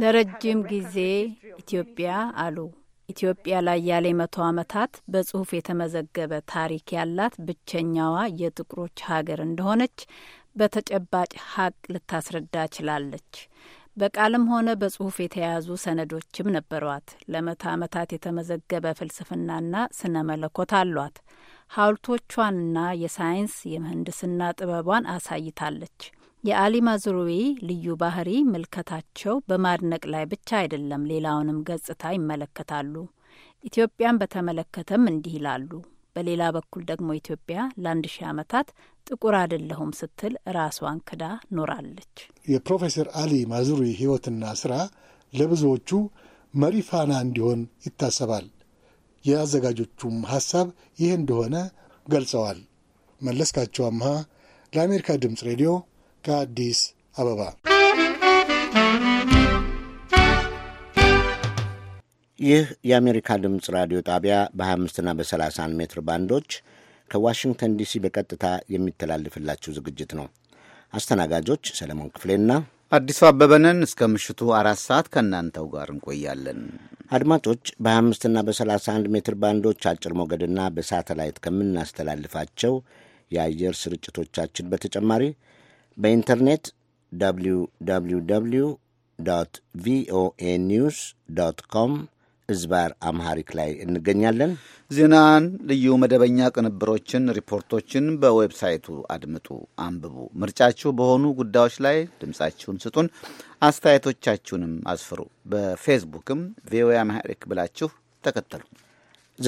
Speaker 10: ለረጅም ጊዜ ኢትዮጵያ አሉ ኢትዮጵያ ላይ ያለ መቶ ዓመታት በጽሁፍ የተመዘገበ ታሪክ ያላት ብቸኛዋ የጥቁሮች ሀገር እንደሆነች በተጨባጭ ሀቅ ልታስረዳ ችላለች። በቃልም ሆነ በጽሁፍ የተያዙ ሰነዶችም ነበሯት። ለመቶ ዓመታት የተመዘገበ ፍልስፍናና ስነ መለኮት አሏት። ሐውልቶቿንና የሳይንስ የምህንድስና ጥበቧን አሳይታለች። የአሊ ማዝሩዊ ልዩ ባህሪ ምልከታቸው በማድነቅ ላይ ብቻ አይደለም፣ ሌላውንም ገጽታ ይመለከታሉ። ኢትዮጵያን በተመለከተም እንዲህ ይላሉ። በሌላ በኩል ደግሞ ኢትዮጵያ ለአንድ ሺህ ዓመታት ጥቁር አይደለሁም ስትል ራሷን ክዳ
Speaker 7: ኖራለች። የፕሮፌሰር አሊ ማዝሩዊ ሕይወትና ስራ ለብዙዎቹ መሪ ፋና እንዲሆን ይታሰባል። የአዘጋጆቹም ሐሳብ ይህ እንደሆነ ገልጸዋል። መለስካቸው አምሃ ለአሜሪካ ድምፅ ሬዲዮ ከአዲስ አበባ
Speaker 1: ይህ የአሜሪካ ድምፅ ራዲዮ ጣቢያ በ25ና በ31 ሜትር ባንዶች ከዋሽንግተን ዲሲ በቀጥታ የሚተላልፍላችሁ ዝግጅት ነው። አስተናጋጆች ሰለሞን ክፍሌና አዲሱ አበበነን እስከ ምሽቱ አራት ሰዓት ከእናንተው ጋር እንቆያለን። አድማጮች በ25ና በ31 ሜትር ባንዶች አጭር ሞገድና በሳተላይት ከምናስተላልፋቸው የአየር ስርጭቶቻችን በተጨማሪ በኢንተርኔት www ቪኦኤ ኒውስ ዶት ኮም እዝባር አምሃሪክ ላይ እንገኛለን። ዜናን፣ ልዩ መደበኛ
Speaker 3: ቅንብሮችን፣ ሪፖርቶችን በዌብሳይቱ አድምጡ፣ አንብቡ። ምርጫችሁ በሆኑ ጉዳዮች ላይ ድምፃችሁን ስጡን፣ አስተያየቶቻችሁንም አስፍሩ። በፌስቡክም
Speaker 1: ቪኦኤ አምሃሪክ ብላችሁ ተከተሉ።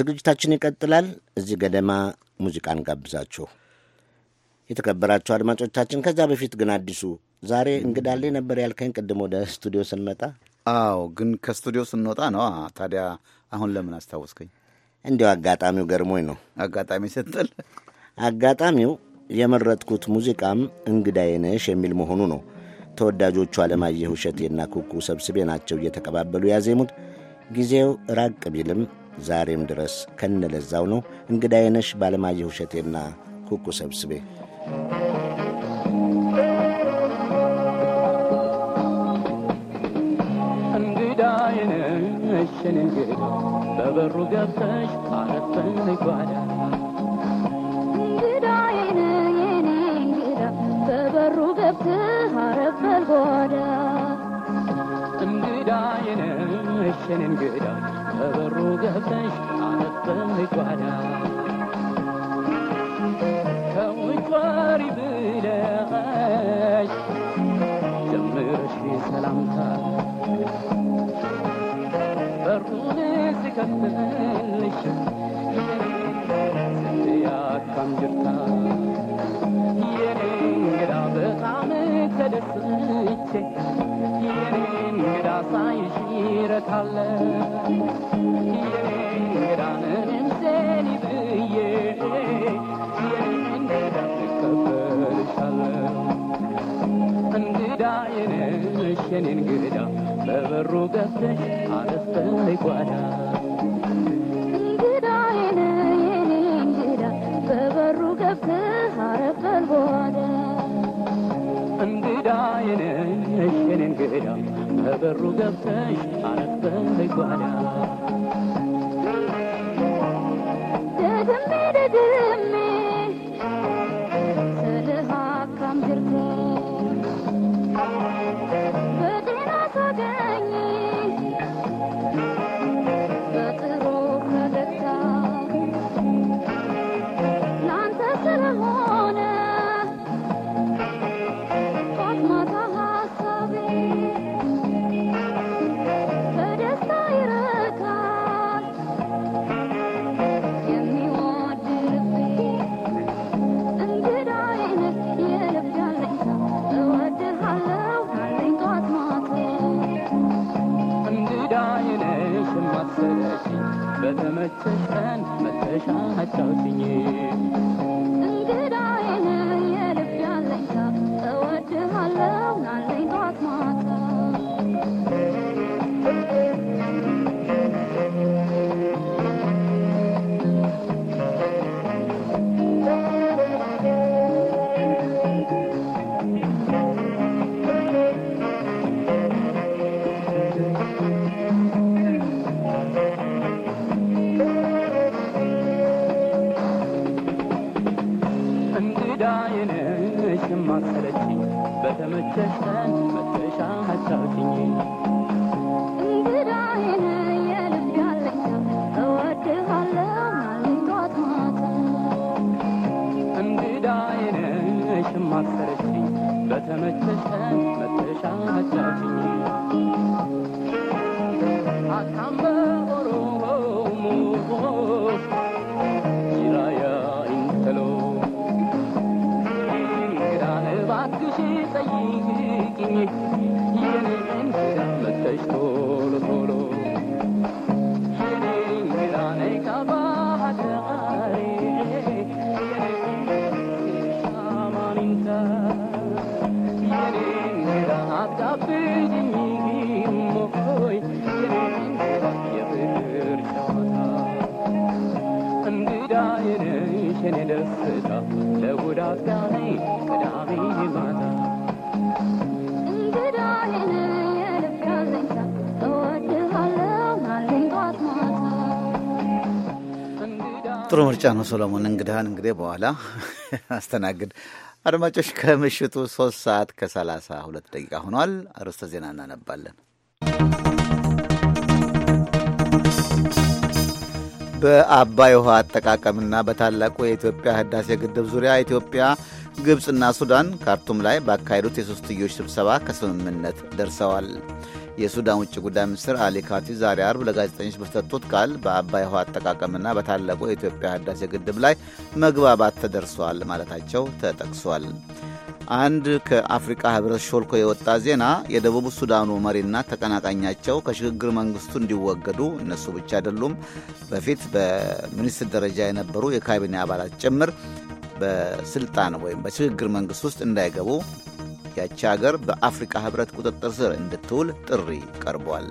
Speaker 1: ዝግጅታችን ይቀጥላል። እዚህ ገደማ ሙዚቃን ጋብዛችሁ የተከበራችሁ አድማጮቻችን፣ ከዛ በፊት ግን አዲሱ ዛሬ እንግዳሌ ነበር ያልከኝ ቅድም ወደ ስቱዲዮ ስንመጣ። አዎ፣ ግን ከስቱዲዮ ስንወጣ ነው። ታዲያ አሁን ለምን አስታወስከኝ? እንዲሁ አጋጣሚው ገርሞኝ ነው። አጋጣሚ ስትል አጋጣሚው የመረጥኩት ሙዚቃም እንግዳዬ ነሽ የሚል መሆኑ ነው። ተወዳጆቹ አለማየሁ እሸቴና ኩኩ ሰብስቤ ናቸው እየተቀባበሉ ያዜሙት። ጊዜው ራቅ ቢልም ዛሬም ድረስ ከነለዛው ነው። እንግዳዬ ነሽ ባለማየሁ እሸቴና ኩኩ ሰብስቤ
Speaker 11: እንግዳ በበሩ ገብተሽ አረፈን ይጓዳ እንግዳይነ የኔ እንግዳ በበሩ እንግዳ በበሩ ገብተሽ አረፈን ይጓዳ ሰላምታ በሩን ሲከፍትልሽ ያካም ጅርታ የኔ እንግዳ በጣም ተደስቼ የኔ እንግዳ ሳይሽ ረካለሁ እንግዳ በበሩ ገዝተሽ አነስተኛ በተመቸሽ ቀን መተሻ አጫውትኝ እንግዳዬ ነሽ የኔ ደስታ ለጉዳት ዳነይ ቅዳሜ ማታ
Speaker 3: ጥሩ ምርጫ ነው ሶሎሞን። እንግዳህን እንግዲህ በኋላ አስተናግድ። አድማጮች ከምሽቱ ሶስት ሰዓት ከሰላሳ ሁለት ደቂቃ ሆኗል። አርዕስተ ዜና እናነባለን። በአባይ ውሃ አጠቃቀምና በታላቁ የኢትዮጵያ ህዳሴ ግድብ ዙሪያ ኢትዮጵያ፣ ግብፅና ሱዳን ካርቱም ላይ ባካሄዱት የሶስትዮሽ ስብሰባ ከስምምነት ደርሰዋል። የሱዳን ውጭ ጉዳይ ሚኒስትር አሊ ካቲ ዛሬ አርብ ለጋዜጠኞች በሰጡት ቃል በአባይ ውሃ አጠቃቀምና በታላቁ የኢትዮጵያ ህዳሴ ግድብ ላይ መግባባት ተደርሰዋል ማለታቸው ተጠቅሷል። አንድ ከአፍሪቃ ህብረት ሾልኮ የወጣ ዜና የደቡብ ሱዳኑ መሪና ተቀናቃኛቸው ከሽግግር መንግስቱ እንዲወገዱ እነሱ ብቻ አይደሉም፣ በፊት በሚኒስትር ደረጃ የነበሩ የካቢኔ አባላት ጭምር በስልጣን ወይም በሽግግር መንግስት ውስጥ እንዳይገቡ ያቺ ሀገር በአፍሪቃ ህብረት ቁጥጥር ስር እንድትውል ጥሪ ቀርቧል።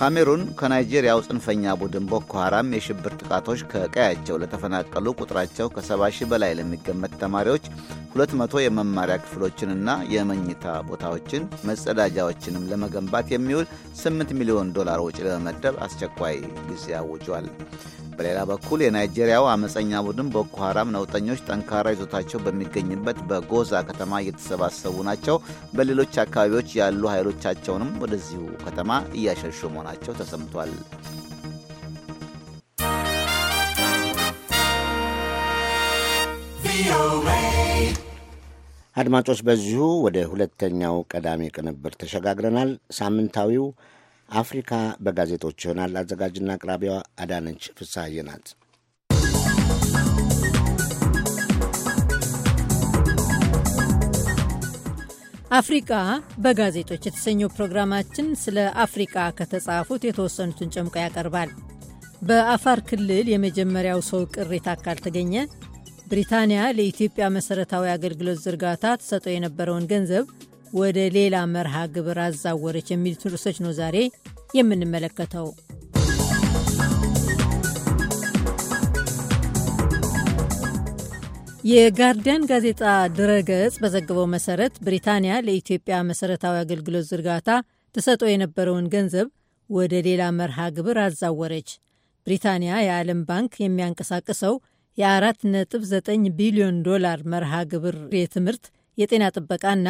Speaker 3: ካሜሩን ከናይጄሪያው ጽንፈኛ ቡድን ቦኮ ሐራም የሽብር ጥቃቶች ከቀያቸው ለተፈናቀሉ ቁጥራቸው ከ70 ሺህ በላይ ለሚገመት ተማሪዎች 200 የመማሪያ ክፍሎችንና የመኝታ ቦታዎችን መጸዳጃዎችንም ለመገንባት የሚውል 8 ሚሊዮን ዶላር ወጪ ለመመደብ አስቸኳይ ጊዜ አውጇል። በሌላ በኩል የናይጄሪያው አመፀኛ ቡድን ቦኮ ሐራም ነውጠኞች ጠንካራ ይዞታቸው በሚገኝበት በጎዛ ከተማ እየተሰባሰቡ ናቸው። በሌሎች አካባቢዎች ያሉ ኃይሎቻቸውንም ወደዚሁ ከተማ እያሸሹ መሆናቸው
Speaker 1: ተሰምቷል። አድማጮች፣ በዚሁ ወደ ሁለተኛው ቀዳሚ ቅንብር ተሸጋግረናል። ሳምንታዊው አፍሪካ በጋዜጦች ይሆናል። አዘጋጅና አቅራቢዋ አዳነች ፍስሐዬ ናት።
Speaker 12: አፍሪቃ በጋዜጦች የተሰኘው ፕሮግራማችን ስለ አፍሪቃ ከተጻፉት የተወሰኑትን ጨምቆ ያቀርባል። በአፋር ክልል የመጀመሪያው ሰው ቅሪት አካል ተገኘ፣ ብሪታንያ ለኢትዮጵያ መሠረታዊ አገልግሎት ዝርጋታ ትሰጠው የነበረውን ገንዘብ ወደ ሌላ መርሃ ግብር አዛወረች የሚሉትን ርዕሶች ነው ዛሬ የምንመለከተው። የጋርዲያን ጋዜጣ ድረገጽ በዘገበው መሰረት ብሪታንያ ለኢትዮጵያ መሰረታዊ አገልግሎት ዝርጋታ ተሰጥቶ የነበረውን ገንዘብ ወደ ሌላ መርሃ ግብር አዛወረች። ብሪታንያ የዓለም ባንክ የሚያንቀሳቅሰው የ4.9 ቢሊዮን ዶላር መርሃ ግብር የትምህርት፣ የጤና ጥበቃና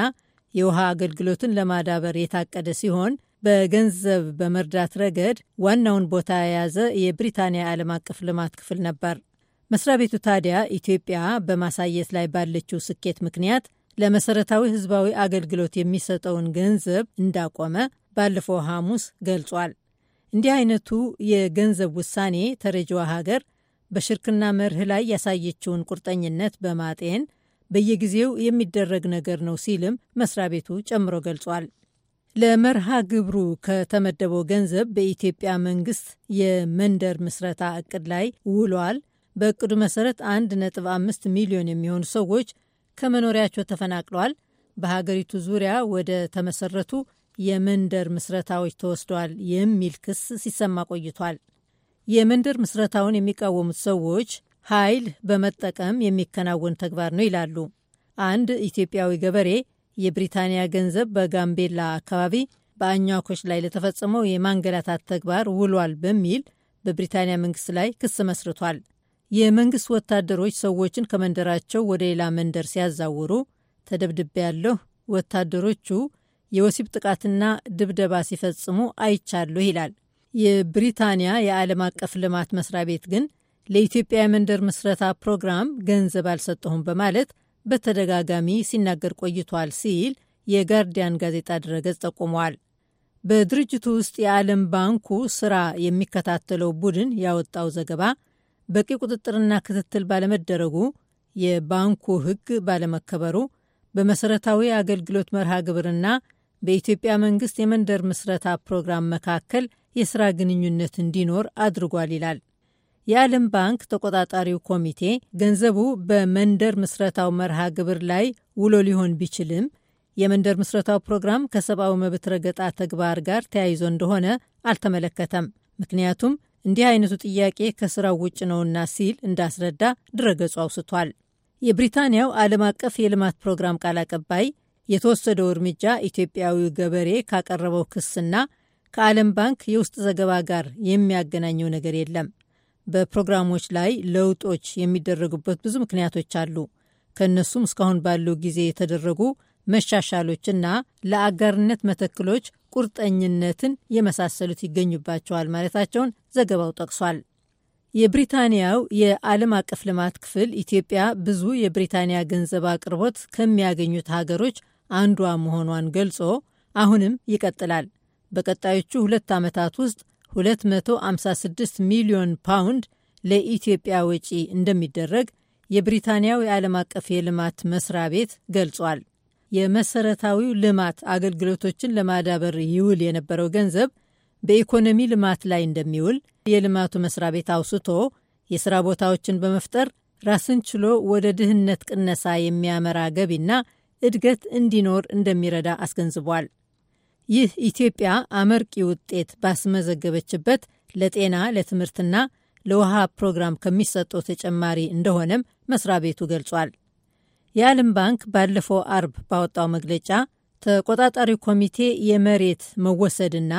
Speaker 12: የውሃ አገልግሎትን ለማዳበር የታቀደ ሲሆን በገንዘብ በመርዳት ረገድ ዋናውን ቦታ የያዘ የብሪታንያ ዓለም አቀፍ ልማት ክፍል ነበር። መስሪያ ቤቱ ታዲያ ኢትዮጵያ በማሳየት ላይ ባለችው ስኬት ምክንያት ለመሰረታዊ ህዝባዊ አገልግሎት የሚሰጠውን ገንዘብ እንዳቆመ ባለፈው ሐሙስ ገልጿል። እንዲህ አይነቱ የገንዘብ ውሳኔ ተረጂዋ ሀገር በሽርክና መርህ ላይ ያሳየችውን ቁርጠኝነት በማጤን በየጊዜው የሚደረግ ነገር ነው ሲልም መስሪያ ቤቱ ጨምሮ ገልጿል። ለመርሃ ግብሩ ከተመደበው ገንዘብ በኢትዮጵያ መንግስት የመንደር ምስረታ እቅድ ላይ ውሏል። በእቅዱ መሰረት 1.5 ሚሊዮን የሚሆኑ ሰዎች ከመኖሪያቸው ተፈናቅለዋል፣ በሀገሪቱ ዙሪያ ወደ ተመሰረቱ የመንደር ምስረታዎች ተወስደዋል የሚል ክስ ሲሰማ ቆይቷል። የመንደር ምስረታውን የሚቃወሙት ሰዎች ኃይል በመጠቀም የሚከናወን ተግባር ነው ይላሉ አንድ ኢትዮጵያዊ ገበሬ። የብሪታንያ ገንዘብ በጋምቤላ አካባቢ በአኟኮች ላይ ለተፈጸመው የማንገላታት ተግባር ውሏል በሚል በብሪታንያ መንግስት ላይ ክስ መስርቷል። የመንግስት ወታደሮች ሰዎችን ከመንደራቸው ወደ ሌላ መንደር ሲያዛውሩ ተደብድቤ ያለሁ፣ ወታደሮቹ የወሲብ ጥቃትና ድብደባ ሲፈጽሙ አይቻለሁ ይላል። የብሪታንያ የዓለም አቀፍ ልማት መስሪያ ቤት ግን ለኢትዮጵያ የመንደር ምስረታ ፕሮግራም ገንዘብ አልሰጠሁም በማለት በተደጋጋሚ ሲናገር ቆይቷል ሲል የጋርዲያን ጋዜጣ ድረገጽ ጠቁሟል። በድርጅቱ ውስጥ የዓለም ባንኩ ስራ የሚከታተለው ቡድን ያወጣው ዘገባ በቂ ቁጥጥርና ክትትል ባለመደረጉ፣ የባንኩ ሕግ ባለመከበሩ፣ በመሰረታዊ አገልግሎት መርሃ ግብርና በኢትዮጵያ መንግስት የመንደር ምስረታ ፕሮግራም መካከል የስራ ግንኙነት እንዲኖር አድርጓል ይላል። የዓለም ባንክ ተቆጣጣሪው ኮሚቴ ገንዘቡ በመንደር ምስረታው መርሃ ግብር ላይ ውሎ ሊሆን ቢችልም የመንደር ምስረታው ፕሮግራም ከሰብአዊ መብት ረገጣ ተግባር ጋር ተያይዞ እንደሆነ አልተመለከተም፣ ምክንያቱም እንዲህ አይነቱ ጥያቄ ከስራው ውጭ ነውና ሲል እንዳስረዳ ድረገጹ አውስቷል። የብሪታንያው ዓለም አቀፍ የልማት ፕሮግራም ቃል አቀባይ የተወሰደው እርምጃ ኢትዮጵያዊው ገበሬ ካቀረበው ክስና ከዓለም ባንክ የውስጥ ዘገባ ጋር የሚያገናኘው ነገር የለም በፕሮግራሞች ላይ ለውጦች የሚደረጉበት ብዙ ምክንያቶች አሉ። ከእነሱም እስካሁን ባለው ጊዜ የተደረጉ መሻሻሎችና ለአጋርነት መተክሎች ቁርጠኝነትን የመሳሰሉት ይገኙባቸዋል ማለታቸውን ዘገባው ጠቅሷል። የብሪታንያው የዓለም አቀፍ ልማት ክፍል ኢትዮጵያ ብዙ የብሪታንያ ገንዘብ አቅርቦት ከሚያገኙት ሀገሮች አንዷ መሆኗን ገልጾ አሁንም ይቀጥላል። በቀጣዮቹ ሁለት ዓመታት ውስጥ 256 ሚሊዮን ፓውንድ ለኢትዮጵያ ወጪ እንደሚደረግ የብሪታንያው የዓለም አቀፍ የልማት መስሪያ ቤት ገልጿል። የመሰረታዊው ልማት አገልግሎቶችን ለማዳበር ይውል የነበረው ገንዘብ በኢኮኖሚ ልማት ላይ እንደሚውል የልማቱ መስሪያ ቤት አውስቶ የሥራ ቦታዎችን በመፍጠር ራስን ችሎ ወደ ድህነት ቅነሳ የሚያመራ ገቢና እድገት እንዲኖር እንደሚረዳ አስገንዝቧል። ይህ ኢትዮጵያ አመርቂ ውጤት ባስመዘገበችበት ለጤና ለትምህርትና ለውሃ ፕሮግራም ከሚሰጠው ተጨማሪ እንደሆነም መስሪያ ቤቱ ገልጿል። የዓለም ባንክ ባለፈው አርብ ባወጣው መግለጫ ተቆጣጣሪው ኮሚቴ የመሬት መወሰድና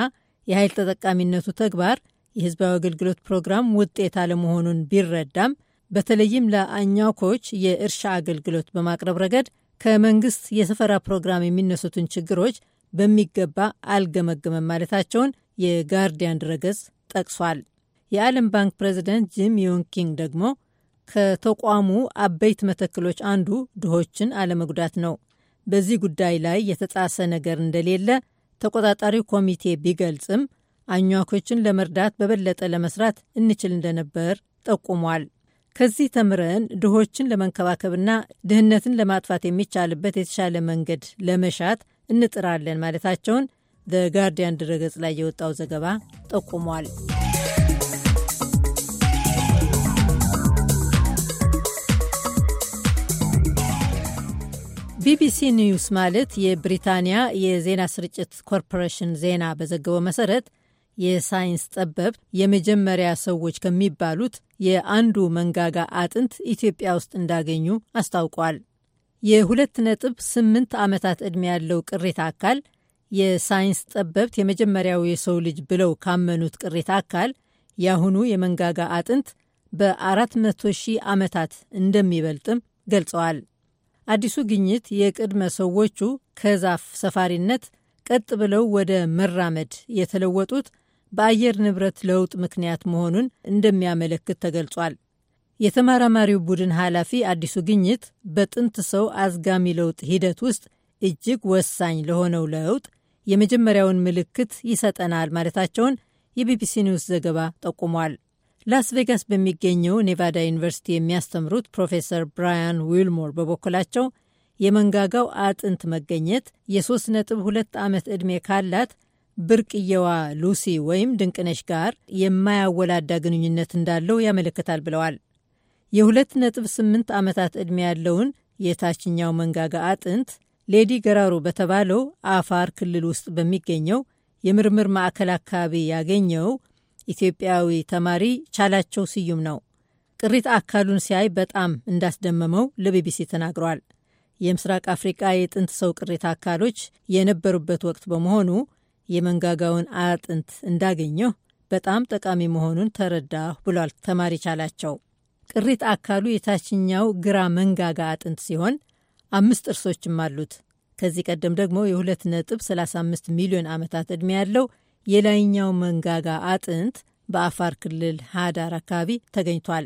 Speaker 12: የኃይል ተጠቃሚነቱ ተግባር የህዝባዊ አገልግሎት ፕሮግራም ውጤት አለመሆኑን ቢረዳም በተለይም ለአኛኮች የእርሻ አገልግሎት በማቅረብ ረገድ ከመንግስት የሰፈራ ፕሮግራም የሚነሱትን ችግሮች በሚገባ አልገመገመም ማለታቸውን የጋርዲያን ድረገጽ ጠቅሷል። የዓለም ባንክ ፕሬዚደንት ጂም ዮንኪንግ ደግሞ ከተቋሙ አበይት መተክሎች አንዱ ድሆችን አለመጉዳት ነው፣ በዚህ ጉዳይ ላይ የተጣሰ ነገር እንደሌለ ተቆጣጣሪው ኮሚቴ ቢገልጽም አኟኮችን ለመርዳት በበለጠ ለመስራት እንችል እንደነበር ጠቁሟል። ከዚህ ተምረን ድሆችን ለመንከባከብና ድህነትን ለማጥፋት የሚቻልበት የተሻለ መንገድ ለመሻት እንጥራለን ማለታቸውን ዘ ጋርዲያን ድረገጽ ላይ የወጣው ዘገባ ጠቁሟል። ቢቢሲ ኒውስ ማለት የብሪታንያ የዜና ስርጭት ኮርፖሬሽን ዜና በዘገበው መሰረት የሳይንስ ጠበብ የመጀመሪያ ሰዎች ከሚባሉት የአንዱ መንጋጋ አጥንት ኢትዮጵያ ውስጥ እንዳገኙ አስታውቋል። የሁለት ነጥብ ስምንት ዓመታት ዕድሜ ያለው ቅሪተ አካል የሳይንስ ጠበብት የመጀመሪያው የሰው ልጅ ብለው ካመኑት ቅሪተ አካል የአሁኑ የመንጋጋ አጥንት በ400 ሺህ ዓመታት እንደሚበልጥም ገልጸዋል። አዲሱ ግኝት የቅድመ ሰዎቹ ከዛፍ ሰፋሪነት ቀጥ ብለው ወደ መራመድ የተለወጡት በአየር ንብረት ለውጥ ምክንያት መሆኑን እንደሚያመለክት ተገልጿል። የተመራማሪው ቡድን ኃላፊ አዲሱ ግኝት በጥንት ሰው አዝጋሚ ለውጥ ሂደት ውስጥ እጅግ ወሳኝ ለሆነው ለውጥ የመጀመሪያውን ምልክት ይሰጠናል ማለታቸውን የቢቢሲ ኒውስ ዘገባ ጠቁሟል። ላስ ቬጋስ በሚገኘው ኔቫዳ ዩኒቨርሲቲ የሚያስተምሩት ፕሮፌሰር ብራያን ዊልሞር በበኩላቸው የመንጋጋው አጥንት መገኘት የ3.2 ዓመት ዕድሜ ካላት ብርቅየዋ ሉሲ ወይም ድንቅነሽ ጋር የማያወላዳ ግንኙነት እንዳለው ያመለክታል ብለዋል። የ2.8 ዓመታት ዕድሜ ያለውን የታችኛው መንጋጋ አጥንት ሌዲ ገራሩ በተባለው አፋር ክልል ውስጥ በሚገኘው የምርምር ማዕከል አካባቢ ያገኘው ኢትዮጵያዊ ተማሪ ቻላቸው ስዩም ነው። ቅሪት አካሉን ሲያይ በጣም እንዳስደመመው ለቢቢሲ ተናግሯል። የምስራቅ አፍሪቃ የጥንት ሰው ቅሪት አካሎች የነበሩበት ወቅት በመሆኑ የመንጋጋውን አጥንት እንዳገኘሁ በጣም ጠቃሚ መሆኑን ተረዳሁ ብሏል ተማሪ ቻላቸው። ቅሪት አካሉ የታችኛው ግራ መንጋጋ አጥንት ሲሆን አምስት ጥርሶችም አሉት። ከዚህ ቀደም ደግሞ የ2.35 ሚሊዮን ዓመታት ዕድሜ ያለው የላይኛው መንጋጋ አጥንት በአፋር ክልል ሃዳር አካባቢ ተገኝቷል።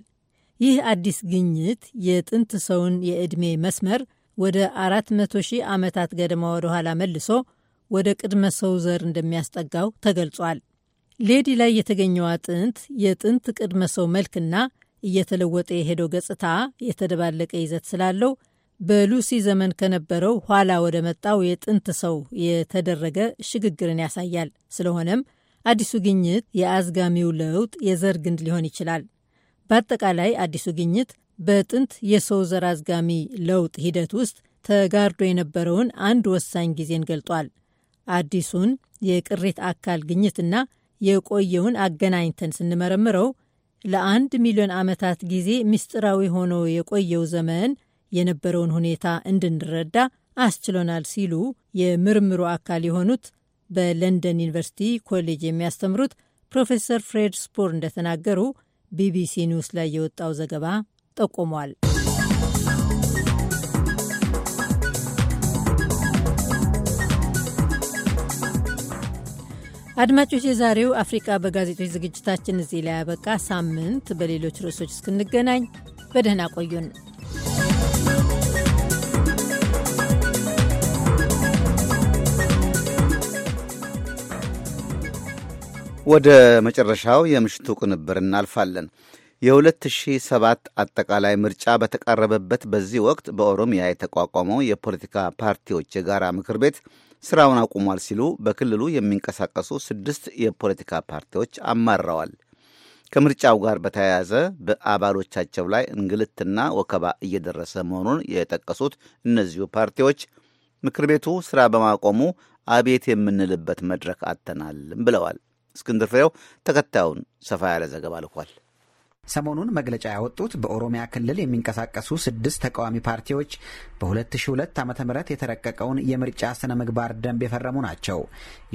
Speaker 12: ይህ አዲስ ግኝት የጥንት ሰውን የዕድሜ መስመር ወደ 400 ሺህ ዓመታት ገደማ ወደ ኋላ መልሶ ወደ ቅድመ ሰው ዘር እንደሚያስጠጋው ተገልጿል። ሌዲ ላይ የተገኘው አጥንት የጥንት ቅድመ ሰው መልክና እየተለወጠ የሄደው ገጽታ የተደባለቀ ይዘት ስላለው በሉሲ ዘመን ከነበረው ኋላ ወደ መጣው የጥንት ሰው የተደረገ ሽግግርን ያሳያል። ስለሆነም አዲሱ ግኝት የአዝጋሚው ለውጥ የዘር ግንድ ሊሆን ይችላል። በአጠቃላይ አዲሱ ግኝት በጥንት የሰው ዘር አዝጋሚ ለውጥ ሂደት ውስጥ ተጋርዶ የነበረውን አንድ ወሳኝ ጊዜን ገልጧል። አዲሱን የቅሪት አካል ግኝትና የቆየውን አገናኝተን ስንመረምረው ለአንድ ሚሊዮን ዓመታት ጊዜ ምስጢራዊ ሆኖ የቆየው ዘመን የነበረውን ሁኔታ እንድንረዳ አስችሎናል ሲሉ የምርምሩ አካል የሆኑት በለንደን ዩኒቨርሲቲ ኮሌጅ የሚያስተምሩት ፕሮፌሰር ፍሬድ ስፖር እንደተናገሩ ቢቢሲ ኒውስ ላይ የወጣው ዘገባ ጠቁሟል። አድማጮች፣ የዛሬው አፍሪቃ በጋዜጦች ዝግጅታችን እዚህ ላይ ያበቃ። ሳምንት በሌሎች ርዕሶች እስክንገናኝ በደህና ቆዩን።
Speaker 3: ወደ መጨረሻው የምሽቱ ቅንብር እናልፋለን። የ2007 አጠቃላይ ምርጫ በተቃረበበት በዚህ ወቅት በኦሮሚያ የተቋቋመው የፖለቲካ ፓርቲዎች የጋራ ምክር ቤት ስራውን አቁሟል ሲሉ በክልሉ የሚንቀሳቀሱ ስድስት የፖለቲካ ፓርቲዎች አማረዋል። ከምርጫው ጋር በተያያዘ በአባሎቻቸው ላይ እንግልትና ወከባ እየደረሰ መሆኑን የጠቀሱት እነዚሁ ፓርቲዎች ምክር ቤቱ ስራ በማቆሙ አቤት የምንልበት መድረክ አጥተናልም ብለዋል። እስክንድር ፍሬው ተከታዩን ሰፋ ያለ ዘገባ ልኳል።
Speaker 9: ሰሞኑን መግለጫ ያወጡት በኦሮሚያ ክልል የሚንቀሳቀሱ ስድስት ተቃዋሚ ፓርቲዎች በ2002 ዓ ም የተረቀቀውን የምርጫ ስነ ምግባር ደንብ የፈረሙ ናቸው።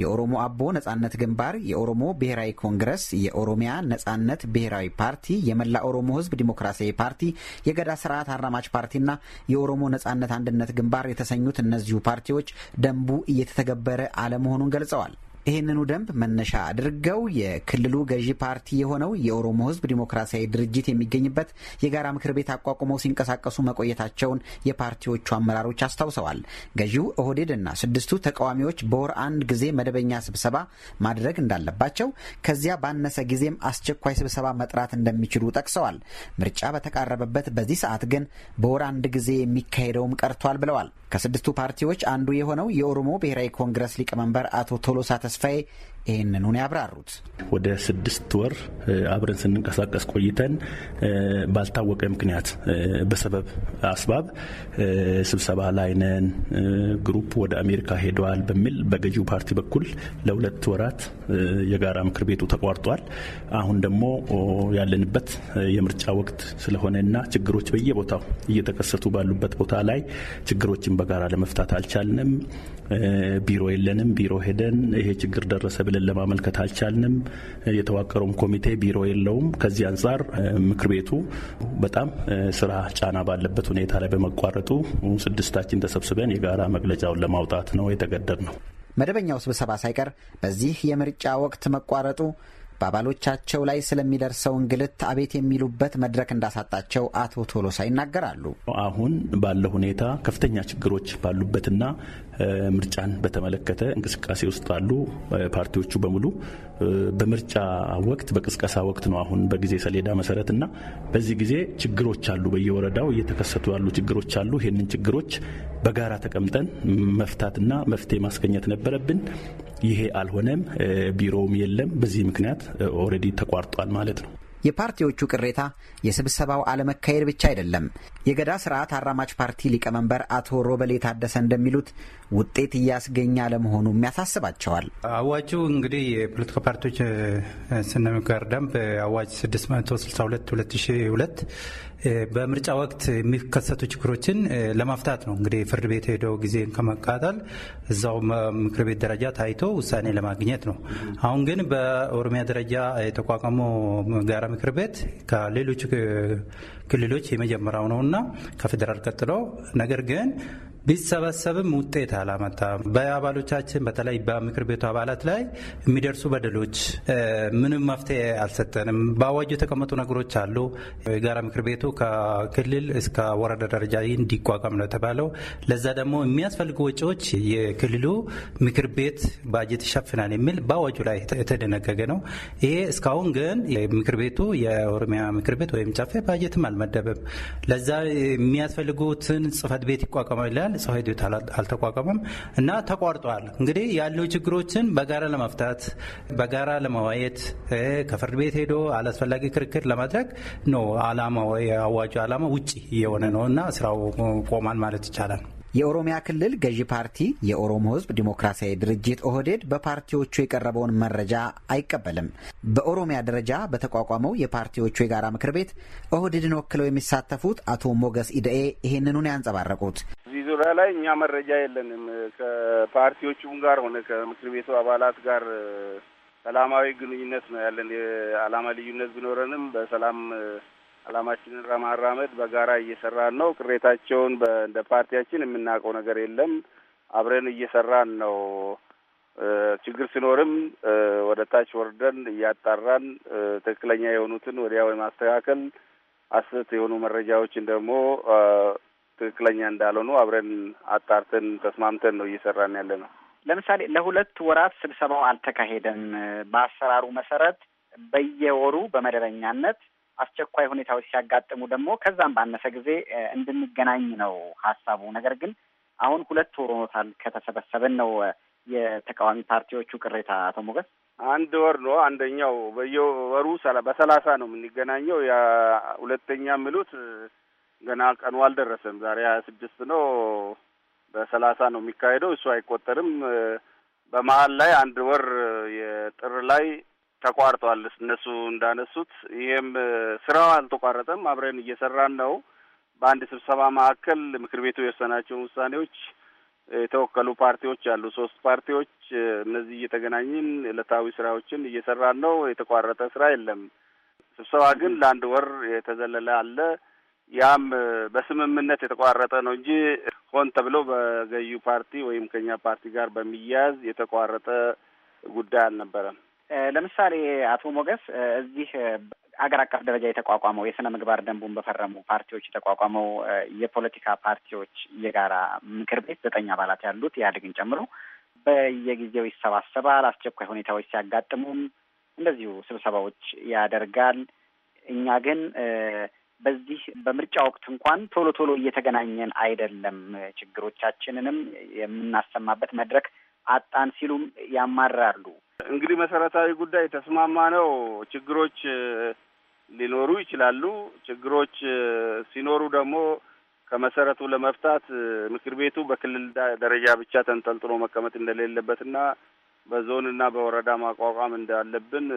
Speaker 9: የኦሮሞ አቦ ነጻነት ግንባር፣ የኦሮሞ ብሔራዊ ኮንግረስ፣ የኦሮሚያ ነጻነት ብሔራዊ ፓርቲ፣ የመላ ኦሮሞ ህዝብ ዲሞክራሲያዊ ፓርቲ፣ የገዳ ስርዓት አራማች ፓርቲና የኦሮሞ ነጻነት አንድነት ግንባር የተሰኙት እነዚሁ ፓርቲዎች ደንቡ እየተተገበረ አለመሆኑን ገልጸዋል። ይህንኑ ደንብ መነሻ አድርገው የክልሉ ገዢ ፓርቲ የሆነው የኦሮሞ ሕዝብ ዲሞክራሲያዊ ድርጅት የሚገኝበት የጋራ ምክር ቤት አቋቁመው ሲንቀሳቀሱ መቆየታቸውን የፓርቲዎቹ አመራሮች አስታውሰዋል። ገዢው ኦህዴድ እና ስድስቱ ተቃዋሚዎች በወር አንድ ጊዜ መደበኛ ስብሰባ ማድረግ እንዳለባቸው፣ ከዚያ ባነሰ ጊዜም አስቸኳይ ስብሰባ መጥራት እንደሚችሉ ጠቅሰዋል። ምርጫ በተቃረበበት በዚህ ሰዓት ግን በወር አንድ ጊዜ የሚካሄደውም ቀርቷል ብለዋል። ከስድስቱ ፓርቲዎች አንዱ የሆነው የኦሮሞ ብሔራዊ ኮንግረስ ሊቀመንበር አቶ ቶሎሳ ተስፋዬ ይህንኑን ያብራሩት።
Speaker 13: ወደ ስድስት ወር አብረን ስንንቀሳቀስ ቆይተን ባልታወቀ ምክንያት በሰበብ አስባብ ስብሰባ ላይ ነን፣ ግሩፕ ወደ አሜሪካ ሄደዋል በሚል በገዢው ፓርቲ በኩል ለሁለት ወራት የጋራ ምክር ቤቱ ተቋርጧል። አሁን ደግሞ ያለንበት የምርጫ ወቅት ስለሆነና ችግሮች በየቦታው እየተከሰቱ ባሉበት ቦታ ላይ ችግሮችን በጋራ ለመፍታት አልቻልንም። ቢሮ የለንም። ቢሮ ሄደን ይሄ ችግር ደረሰ ብለን ለማመልከት አልቻልንም። የተዋቀረውም ኮሚቴ ቢሮ የለውም። ከዚህ አንጻር ምክር ቤቱ በጣም ስራ ጫና ባለበት ሁኔታ ላይ በመቋረጡ ስድስታችን ተሰብስበን የጋራ መግለጫውን ለማውጣት ነው የተገደድ ነው።
Speaker 9: መደበኛው ስብሰባ ሳይቀር በዚህ የምርጫ ወቅት መቋረጡ በአባሎቻቸው ላይ ስለሚደርሰው እንግልት አቤት የሚሉበት መድረክ እንዳሳጣቸው አቶ ቶሎሳ ይናገራሉ።
Speaker 13: አሁን ባለው ሁኔታ ከፍተኛ ችግሮች ባሉበትና ምርጫን በተመለከተ እንቅስቃሴ ውስጥ አሉ ፓርቲዎቹ በሙሉ በምርጫ ወቅት በቅስቀሳ ወቅት ነው። አሁን በጊዜ ሰሌዳ መሰረት እና በዚህ ጊዜ ችግሮች አሉ፣ በየወረዳው እየተከሰቱ ያሉ ችግሮች አሉ። ይህንን ችግሮች በጋራ ተቀምጠን መፍታትና መፍትሄ ማስገኘት ነበረብን። ይሄ አልሆነም። ቢሮውም የለም። በዚህ ምክንያት ኦልሬዲ ተቋርጧል ማለት ነው። የፓርቲዎቹ ቅሬታ የስብሰባው አለመካሄድ ብቻ አይደለም።
Speaker 9: የገዳ ስርዓት አራማጅ ፓርቲ ሊቀመንበር አቶ ሮበሌ ታደሰ እንደሚሉት ውጤት እያስገኘ አለመሆኑም ያሳስባቸዋል።
Speaker 6: አዋጁ እንግዲህ የፖለቲካ ፓርቲዎች ስነ ምግባር ደንብ አዋጅ 662 2002 በምርጫ ወቅት የሚከሰቱ ችግሮችን ለማፍታት ነው እንግዲህ ፍርድ ቤት ሄደው ጊዜን ከመቃጠል እዛው ምክር ቤት ደረጃ ታይቶ ውሳኔ ለማግኘት ነው። አሁን ግን በኦሮሚያ ደረጃ የተቋቋመው ጋራ ምክር ቤት ከሌሎች ክልሎች የመጀመሪያው ነውና ከፌዴራል ቀጥሎ ነገር ግን ቢሰበሰብም ውጤት አላመጣም። በአባሎቻችን በተለይ በምክር ቤቱ አባላት ላይ የሚደርሱ በደሎች ምንም መፍትሄ አልሰጠንም። በአዋጁ የተቀመጡ ነገሮች አሉ። የጋራ ምክር ቤቱ ከክልል እስከ ወረዳ ደረጃ እንዲቋቋም ነው የተባለው። ለዛ ደግሞ የሚያስፈልጉ ወጪዎች የክልሉ ምክር ቤት ባጀት ይሸፍናል የሚል በአዋጁ ላይ የተደነገገ ነው። ይሄ እስካሁን ግን ምክር ቤቱ የኦሮሚያ ምክር ቤት ወይም ጨፌ ባጀትም አልመደበም። ለዛ የሚያስፈልጉትን ጽህፈት ቤት ይቋቋማል ይላል። ሰው ዲዮት አልተቋቋመም እና ተቋርጧል። እንግዲህ ያለው ችግሮችን በጋራ ለመፍታት በጋራ ለመዋየት ከፍርድ ቤት ሄዶ አላስፈላጊ ክርክር ለማድረግ ነው አላማ የአዋጁ አላማ ውጭ የሆነ ነው እና ስራው ቆሟል ማለት ይቻላል።
Speaker 9: የኦሮሚያ ክልል ገዢ ፓርቲ የኦሮሞ ሕዝብ ዲሞክራሲያዊ ድርጅት ኦህዴድ በፓርቲዎቹ የቀረበውን መረጃ አይቀበልም። በኦሮሚያ ደረጃ በተቋቋመው የፓርቲዎቹ የጋራ ምክር ቤት ኦህዴድን ወክለው የሚሳተፉት አቶ ሞገስ ኢደኤ ይህንኑን ያንጸባረቁት
Speaker 14: ዙሪያ ላይ እኛ መረጃ የለንም። ከፓርቲዎቹም ጋር ሆነ ከምክር ቤቱ አባላት ጋር ሰላማዊ ግንኙነት ነው ያለን። የዓላማ ልዩነት ቢኖረንም በሰላም ዓላማችንን ለማራመድ በጋራ እየሰራን ነው። ቅሬታቸውን እንደ ፓርቲያችን የምናውቀው ነገር የለም። አብረን እየሰራን ነው። ችግር ሲኖርም ወደ ታች ወርደን እያጣራን ትክክለኛ የሆኑትን ወዲያ ወይ ማስተካከል፣ ሐሰት የሆኑ መረጃዎችን ደግሞ ትክክለኛ እንዳልሆኑ አብረን አጣርተን ተስማምተን ነው እየሰራን ያለ ነው።
Speaker 15: ለምሳሌ ለሁለት ወራት ስብሰባው አልተካሄደም። በአሰራሩ መሰረት በየወሩ በመደበኛነት አስቸኳይ ሁኔታዎች ሲያጋጥሙ ደግሞ ከዛም ባነሰ ጊዜ እንድንገናኝ ነው ሀሳቡ። ነገር ግን አሁን ሁለት ወር ሆኖታል ከተሰበሰበን ነው የተቃዋሚ ፓርቲዎቹ ቅሬታ። አቶ ሞገስ
Speaker 14: አንድ ወር ነው። አንደኛው በየወሩ በሰላሳ ነው የምንገናኘው። ሁለተኛ ምሉት ገና ቀኑ አልደረሰም። ዛሬ ሀያ ስድስት ነው፣ በሰላሳ ነው የሚካሄደው። እሱ አይቆጠርም። በመሀል ላይ አንድ ወር የጥር ላይ ተቋርጧል። እነሱ እንዳነሱት ይህም ስራው አልተቋረጠም። አብረን እየሰራን ነው። በአንድ ስብሰባ መካከል ምክር ቤቱ የወሰናቸውን ውሳኔዎች የተወከሉ ፓርቲዎች አሉ፣ ሶስት ፓርቲዎች። እነዚህ እየተገናኝን እለታዊ ስራዎችን እየሰራን ነው። የተቋረጠ ስራ የለም። ስብሰባ ግን ለአንድ ወር የተዘለለ አለ። ያም በስምምነት የተቋረጠ ነው እንጂ ሆን ተብሎ በገዩ ፓርቲ ወይም ከኛ ፓርቲ ጋር በሚያያዝ የተቋረጠ ጉዳይ አልነበረም። ለምሳሌ አቶ ሞገስ
Speaker 15: እዚህ አገር አቀፍ ደረጃ የተቋቋመው የስነ ምግባር ደንቡን በፈረሙ ፓርቲዎች የተቋቋመው የፖለቲካ ፓርቲዎች የጋራ ምክር ቤት ዘጠኝ አባላት ያሉት ኢህአዴግን ጨምሮ በየጊዜው ይሰባሰባል። አስቸኳይ ሁኔታዎች ሲያጋጥሙም እንደዚሁ ስብሰባዎች ያደርጋል። እኛ ግን በዚህ በምርጫ ወቅት እንኳን ቶሎ ቶሎ እየተገናኘን አይደለም፣ ችግሮቻችንንም የምናሰማበት መድረክ አጣን ሲሉም ያማራሉ።
Speaker 14: እንግዲህ መሰረታዊ ጉዳይ ተስማማ ነው። ችግሮች ሊኖሩ ይችላሉ። ችግሮች ሲኖሩ ደግሞ ከመሰረቱ ለመፍታት ምክር ቤቱ በክልል ደረጃ ብቻ ተንጠልጥሎ መቀመጥ እንደሌለበትና በዞንና በወረዳ ማቋቋም እንዳለብን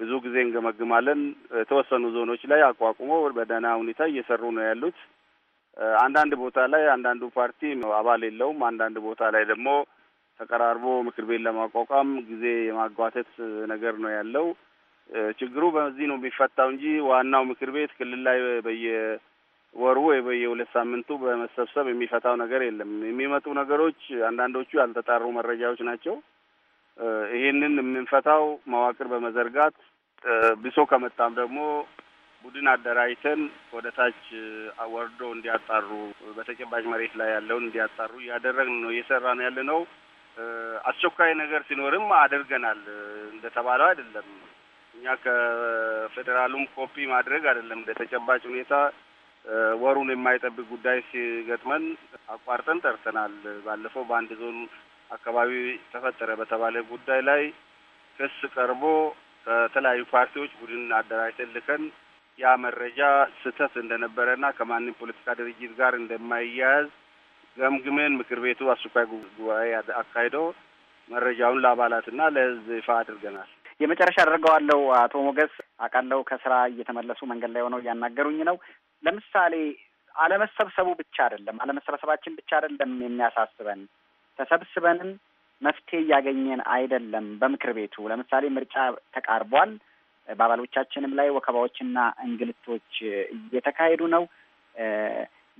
Speaker 14: ብዙ ጊዜ እንገመግማለን። የተወሰኑ ዞኖች ላይ አቋቁሞ በደህና ሁኔታ እየሰሩ ነው ያሉት። አንዳንድ ቦታ ላይ አንዳንዱ ፓርቲ አባል የለውም። አንዳንድ ቦታ ላይ ደግሞ ተቀራርቦ ምክር ቤት ለማቋቋም ጊዜ የማጓተት ነገር ነው ያለው። ችግሩ በዚህ ነው የሚፈታው እንጂ ዋናው ምክር ቤት ክልል ላይ በየወሩ ወይ በየሁለት ሳምንቱ በመሰብሰብ የሚፈታው ነገር የለም። የሚመጡ ነገሮች አንዳንዶቹ ያልተጣሩ መረጃዎች ናቸው። ይሄንን የምንፈታው መዋቅር በመዘርጋት ብሶ ከመጣም ደግሞ ቡድን አደራጅተን ወደ ታች ወርዶ እንዲያጣሩ በተጨባጭ መሬት ላይ ያለውን እንዲያጣሩ እያደረግን ነው ነው ያለ ነው። አስቸኳይ ነገር ሲኖርም አድርገናል። እንደተባለው አይደለም። እኛ ከፌዴራሉም ኮፒ ማድረግ አይደለም። እንደ ተጨባጭ ሁኔታ ወሩን የማይጠብቅ ጉዳይ ሲገጥመን አቋርጠን ጠርተናል። ባለፈው በአንድ ዞን አካባቢ ተፈጠረ በተባለ ጉዳይ ላይ ክስ ቀርቦ ከተለያዩ ፓርቲዎች ቡድን አደራጅተን ልከን ያ መረጃ ስህተት እንደነበረና ከማንም ፖለቲካ ድርጅት ጋር እንደማይያያዝ ገምግመን ምክር ቤቱ አስቸኳይ ጉባኤ አካሂዶ መረጃውን ለአባላትና ለሕዝብ ይፋ አድርገናል። የመጨረሻ አድርገዋለሁ።
Speaker 15: አቶ ሞገስ አውቃለሁ፣ ከስራ እየተመለሱ መንገድ ላይ ሆነው እያናገሩኝ ነው። ለምሳሌ አለመሰብሰቡ ብቻ አይደለም፣ አለመሰብሰባችን ብቻ አይደለም የሚያሳስበን ተሰብስበንም መፍትሄ እያገኘን አይደለም። በምክር ቤቱ ለምሳሌ ምርጫ ተቃርቧል። በአባሎቻችንም ላይ ወከባዎችና እንግልቶች እየተካሄዱ ነው።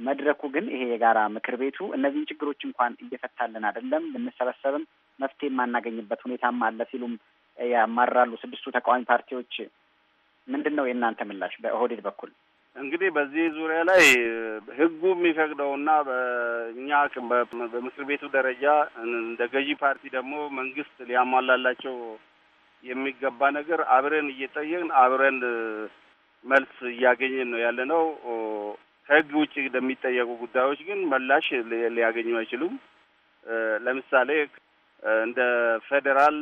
Speaker 15: መድረኩ ግን ይሄ የጋራ ምክር ቤቱ እነዚህን ችግሮች እንኳን እየፈታልን አይደለም፣ ብንሰበሰብም መፍትሄ የማናገኝበት ሁኔታም አለ ሲሉም ያማራሉ። ስድስቱ ተቃዋሚ ፓርቲዎች ምንድን ነው የእናንተ ምላሽ በኦህዴድ በኩል?
Speaker 14: እንግዲህ በዚህ ዙሪያ ላይ ህጉ የሚፈቅደው እና በእኛ በምክር ቤቱ ደረጃ እንደ ገዢ ፓርቲ ደግሞ መንግስት ሊያሟላላቸው የሚገባ ነገር አብረን እየጠየቅን አብረን መልስ እያገኘን ነው ያለ ነው። ከህግ ውጭ እንደሚጠየቁ ጉዳዮች ግን ምላሽ ሊያገኙ አይችሉም። ለምሳሌ እንደ ፌዴራል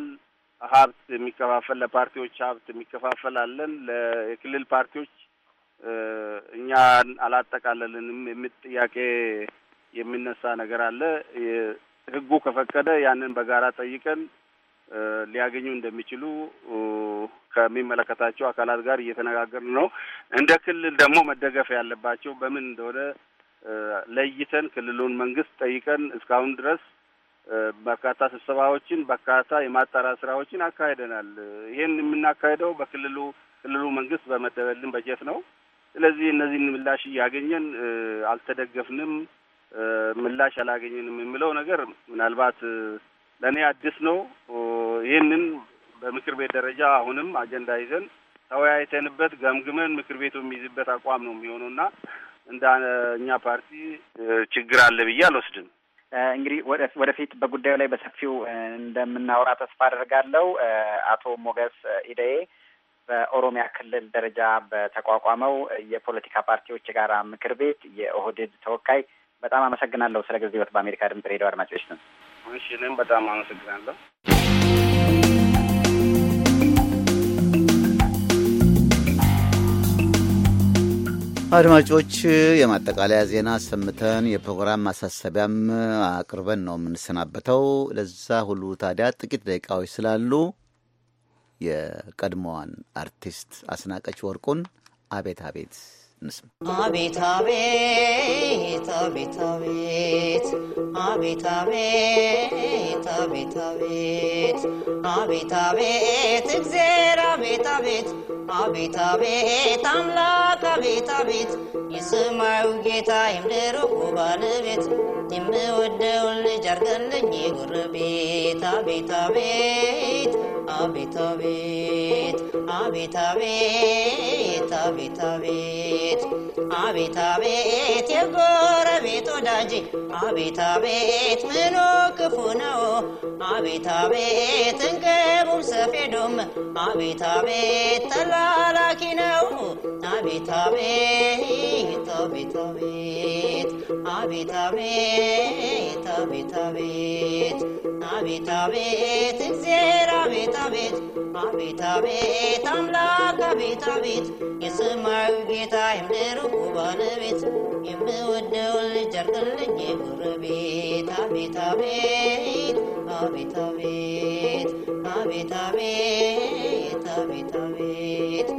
Speaker 14: ሀብት የሚከፋፈል ለፓርቲዎች ሀብት የሚከፋፈል አለን። የክልል ፓርቲዎች እኛ አላጠቃለልንም የሚል ጥያቄ የሚነሳ ነገር አለ። ህጉ ከፈቀደ ያንን በጋራ ጠይቀን ሊያገኙ እንደሚችሉ ከሚመለከታቸው አካላት ጋር እየተነጋገርን ነው። እንደ ክልል ደግሞ መደገፍ ያለባቸው በምን እንደሆነ ለይተን ክልሉን መንግስት ጠይቀን እስካሁን ድረስ በርካታ ስብሰባዎችን በርካታ የማጣራ ስራዎችን አካሂደናል። ይህን የምናካሄደው በክልሉ ክልሉ መንግስት በመደበልን በጀት ነው። ስለዚህ እነዚህን ምላሽ እያገኘን አልተደገፍንም፣ ምላሽ አላገኘንም የሚለው ነገር ምናልባት ለእኔ አዲስ ነው። ይህንን በምክር ቤት ደረጃ አሁንም አጀንዳ ይዘን ተወያይተንበት ገምግመን ምክር ቤቱ የሚይዝበት አቋም ነው የሚሆነውና እንደ እኛ ፓርቲ ችግር አለ ብዬ አልወስድም። እንግዲህ ወደፊት በጉዳዩ ላይ
Speaker 15: በሰፊው እንደምናወራ ተስፋ አደርጋለው አቶ ሞገስ ኢደዬ በኦሮሚያ ክልል ደረጃ በተቋቋመው የፖለቲካ ፓርቲዎች የጋራ ምክር ቤት የኦህዴድ ተወካይ በጣም አመሰግናለሁ ስለ ጊዜዎት። በአሜሪካ ድምጽ ሬዲዮ አድማጮች ስም
Speaker 14: እሺ፣ እኔም
Speaker 11: በጣም አመሰግናለሁ።
Speaker 3: አድማጮች የማጠቃለያ ዜና አሰምተን የፕሮግራም ማሳሰቢያም አቅርበን ነው የምንሰናበተው። ለዛ ሁሉ ታዲያ ጥቂት ደቂቃዎች ስላሉ የቀድሞዋን አርቲስት አስናቀች ወርቁን አቤት አቤት እንስማ።
Speaker 16: አቤት አቤት አቤት አቤት አቤት አቤት አቤት አቤት አቤት አቤት እግዜር አቤት አቤት አቤት አቤት አምላክ አቤት አቤት የሰማዩ ጌታ የምድሩ ባለቤት የምወደውን ልጅ አርገልኝ የጉርቤት አቤት አቤት አቤታቤት አቤታቤት አቤታቤት አቤት አቤት አቤት አቤት የጎረቤት ወዳጅ አቤት አቤት ምኑ ክፉ ነው አቤት አቤት እንቅቡም ሰፌዱም አቤት አቤት ተላላኪ ነው አቤት አቤት አቤት አቤት አቤት አቤት አቤት አቤት አቤት እግዜር አቤት አቤት አቤት አቤት አምላክ አቤት አቤት የሰማዩ ጌታ የምድሩ ባለቤት የምወደውን ልጅ አርግልኝ የጎረቤት አቤት አቤት አቤት አቤት አቤት አቤት አቤት አቤት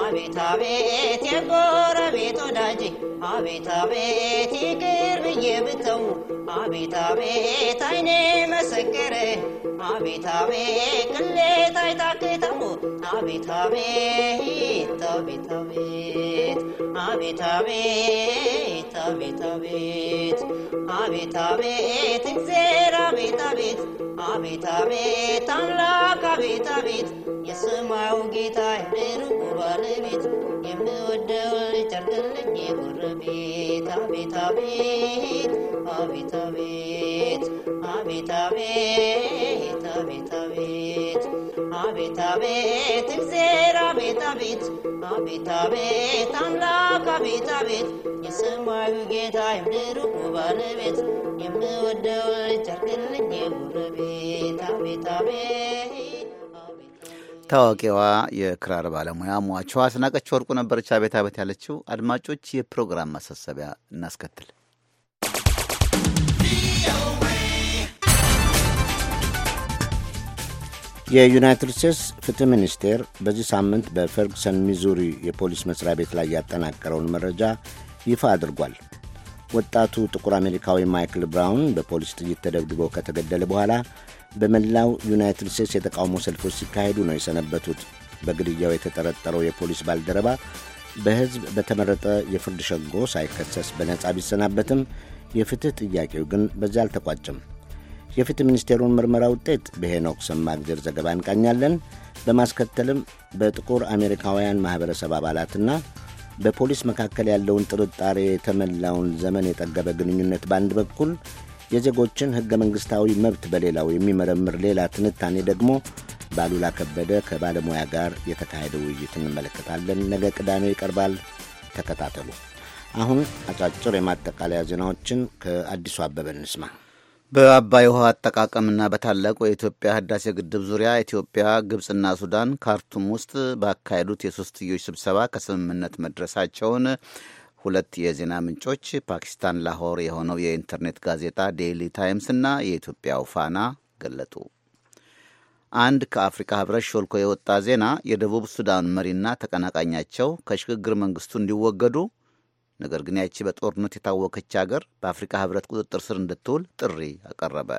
Speaker 16: አቤት አቤት የጎ አቤት አቤት ይቅር ብዬ ብተው አቤት አቤት አይኔ መሰከረ አቤት አቤት ቅሌት አይታክተው አቤት አቤት አቤት አቤት አቤት አቤት አቤት አቤት አቤት አቤት እግዜር አቤት አቤት አቤት አቤት አምላክ አቤት አቤት የሰማዩ ጌታ ርቁ ባለቤት የምወደው ጨርትልኝ ጎረቤት አቤት አቤት አቤት አቤት አቤት አቤት አቤት አቤት አቤት አቤት እግዜር አቤት አቤት አቤት አቤት አምላክ አቤት አቤት የሰማዩ ጌታ የምድሩ ባለቤት የምወደው ጨርትልኝ ጎረቤት አቤት አቤት
Speaker 3: ታዋቂዋ የክራር ባለሙያ ሟቿ አስናቀች ወርቁ ነበረች ቤት ያለችው። አድማጮች፣ የፕሮግራም ማሳሰቢያ እናስከትል።
Speaker 1: የዩናይትድ ስቴትስ ፍትህ ሚኒስቴር በዚህ ሳምንት በፌርግሰን ሚዙሪ የፖሊስ መስሪያ ቤት ላይ ያጠናቀረውን መረጃ ይፋ አድርጓል። ወጣቱ ጥቁር አሜሪካዊ ማይክል ብራውን በፖሊስ ጥይት ተደብድቦ ከተገደለ በኋላ በመላው ዩናይትድ ስቴትስ የተቃውሞ ሰልፎች ሲካሄዱ ነው የሰነበቱት። በግድያው የተጠረጠረው የፖሊስ ባልደረባ በሕዝብ በተመረጠ የፍርድ ሸንጎ ሳይከሰስ በነጻ ቢሰናበትም የፍትሕ ጥያቄው ግን በዚያ አልተቋጭም። የፍትሕ ሚኒስቴሩን ምርመራ ውጤት በሄኖክ ሰማግዜር ዘገባ እንቃኛለን። በማስከተልም በጥቁር አሜሪካውያን ማኅበረሰብ አባላትና በፖሊስ መካከል ያለውን ጥርጣሬ የተመላውን ዘመን የጠገበ ግንኙነት በአንድ በኩል የዜጎችን ሕገ መንግሥታዊ መብት በሌላው የሚመረምር ሌላ ትንታኔ ደግሞ ባሉላ ከበደ ከባለሙያ ጋር የተካሄደ ውይይት እንመለከታለን። ነገ ቅዳሜ ይቀርባል። ተከታተሉ። አሁን አጫጭር የማጠቃለያ ዜናዎችን ከአዲሱ አበበ እንስማ። በአባይ ውሃ አጠቃቀምና
Speaker 3: በታላቁ የኢትዮጵያ ህዳሴ ግድብ ዙሪያ ኢትዮጵያ፣ ግብፅና ሱዳን ካርቱም ውስጥ ባካሄዱት የሶስትዮሽ ስብሰባ ከስምምነት መድረሳቸውን ሁለት የዜና ምንጮች ፓኪስታን ላሆር የሆነው የኢንተርኔት ጋዜጣ ዴይሊ ታይምስና የኢትዮጵያው ፋና ገለጡ። አንድ ከአፍሪካ ህብረት ሾልኮ የወጣ ዜና የደቡብ ሱዳን መሪና ተቀናቃኛቸው ከሽግግር መንግስቱ እንዲወገዱ፣ ነገር ግን ያቺ በጦርነት የታወከች አገር በአፍሪካ ህብረት ቁጥጥር ስር እንድትውል ጥሪ አቀረበ።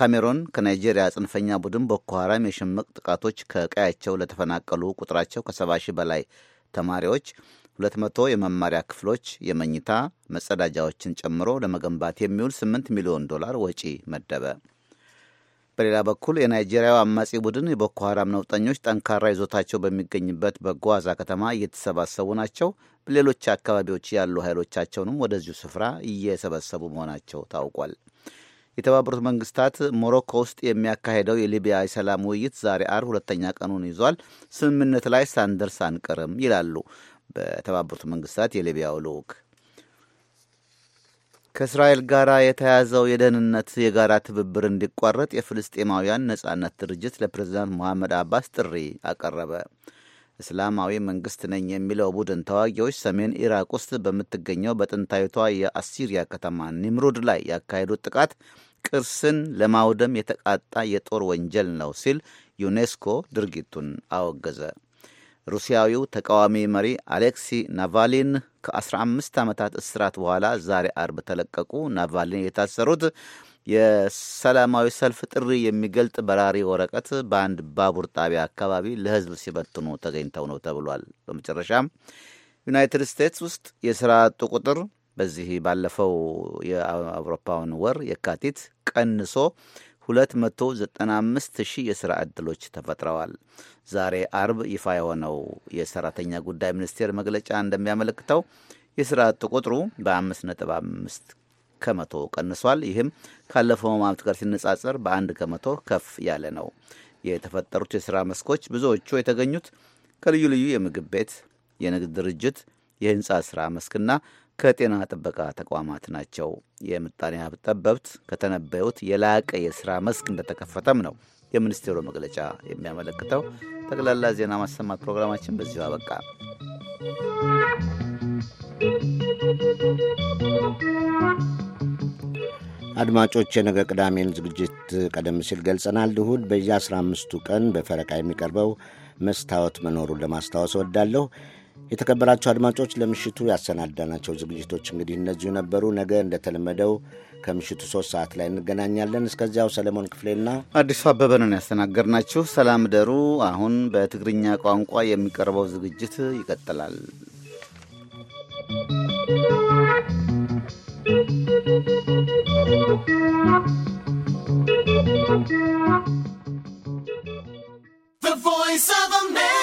Speaker 3: ካሜሮን ከናይጄሪያ ጽንፈኛ ቡድን ቦኮ ሐራም የሽምቅ ጥቃቶች ከቀያቸው ለተፈናቀሉ ቁጥራቸው ከሰባ ሺህ በላይ ተማሪዎች 200 የመማሪያ ክፍሎች የመኝታ መጸዳጃዎችን ጨምሮ ለመገንባት የሚውል 8 ሚሊዮን ዶላር ወጪ መደበ። በሌላ በኩል የናይጄሪያው አማጺ ቡድን የቦኮ ሀራም ነውጠኞች ጠንካራ ይዞታቸው በሚገኝበት በጓዛ ከተማ እየተሰባሰቡ ናቸው። ሌሎች አካባቢዎች ያሉ ኃይሎቻቸውንም ወደዚሁ ስፍራ እየሰበሰቡ መሆናቸው ታውቋል። የተባበሩት መንግስታት ሞሮኮ ውስጥ የሚያካሄደው የሊቢያ የሰላም ውይይት ዛሬ አር ሁለተኛ ቀኑን ይዟል። ስምምነት ላይ ሳንደርስ አንቀርም ይላሉ በተባበሩት መንግስታት የሊቢያው ልዑክ ከእስራኤል ጋር የተያዘው የደህንነት የጋራ ትብብር እንዲቋረጥ የፍልስጤማውያን ነጻነት ድርጅት ለፕሬዝዳንት መሐመድ አባስ ጥሪ አቀረበ። እስላማዊ መንግስት ነኝ የሚለው ቡድን ተዋጊዎች ሰሜን ኢራቅ ውስጥ በምትገኘው በጥንታዊቷ የአሲሪያ ከተማ ኒምሩድ ላይ ያካሄዱት ጥቃት ቅርስን ለማውደም የተቃጣ የጦር ወንጀል ነው ሲል ዩኔስኮ ድርጊቱን አወገዘ። ሩሲያዊው ተቃዋሚ መሪ አሌክሲ ናቫሊን ከ15 ዓመታት እስራት በኋላ ዛሬ አርብ ተለቀቁ። ናቫሊን የታሰሩት የሰላማዊ ሰልፍ ጥሪ የሚገልጥ በራሪ ወረቀት በአንድ ባቡር ጣቢያ አካባቢ ለሕዝብ ሲበትኑ ተገኝተው ነው ተብሏል። በመጨረሻም ዩናይትድ ስቴትስ ውስጥ የሥራ አጡ ቁጥር በዚህ ባለፈው የአውሮፓውን ወር የካቲት ቀንሶ 295 ሺህ የሥራ ዕድሎች ተፈጥረዋል። ዛሬ አርብ ይፋ የሆነው የሰራተኛ ጉዳይ ሚኒስቴር መግለጫ እንደሚያመለክተው የሥራ አጥ ቁጥሩ በ5.5 ከመቶ ቀንሷል። ይህም ካለፈው ዓመት ጋር ሲነጻጸር በአንድ ከመቶ ከፍ ያለ ነው። የተፈጠሩት የሥራ መስኮች ብዙዎቹ የተገኙት ከልዩ ልዩ የምግብ ቤት፣ የንግድ ድርጅት፣ የህንፃ ሥራ መስክና ከጤና ጥበቃ ተቋማት ናቸው። የምጣኔ ሀብት ጠበብት ከተነበዩት የላቀ የሥራ መስክ እንደተከፈተም ነው የሚኒስቴሩ መግለጫ የሚያመለክተው። ጠቅላላ ዜና ማሰማት
Speaker 1: ፕሮግራማችን በዚሁ አበቃ። አድማጮች የነገ ቅዳሜን ዝግጅት ቀደም ሲል ገልጸናል። እሁድ በየ አስራ አምስቱ ቀን በፈረቃ የሚቀርበው መስታወት መኖሩን ለማስታወስ እወዳለሁ። የተከበራቸው አድማጮች ለምሽቱ ያሰናዳናቸው ዝግጅቶች እንግዲህ እነዚሁ ነበሩ። ነገ እንደተለመደው ከምሽቱ ሶስት ሰዓት ላይ እንገናኛለን። እስከዚያው ሰለሞን ክፍሌና
Speaker 3: አዲሱ አበበ ነን ያስተናገድናችሁ። ሰላም ደሩ። አሁን በትግርኛ ቋንቋ የሚቀርበው ዝግጅት ይቀጥላል።
Speaker 11: The voice of a man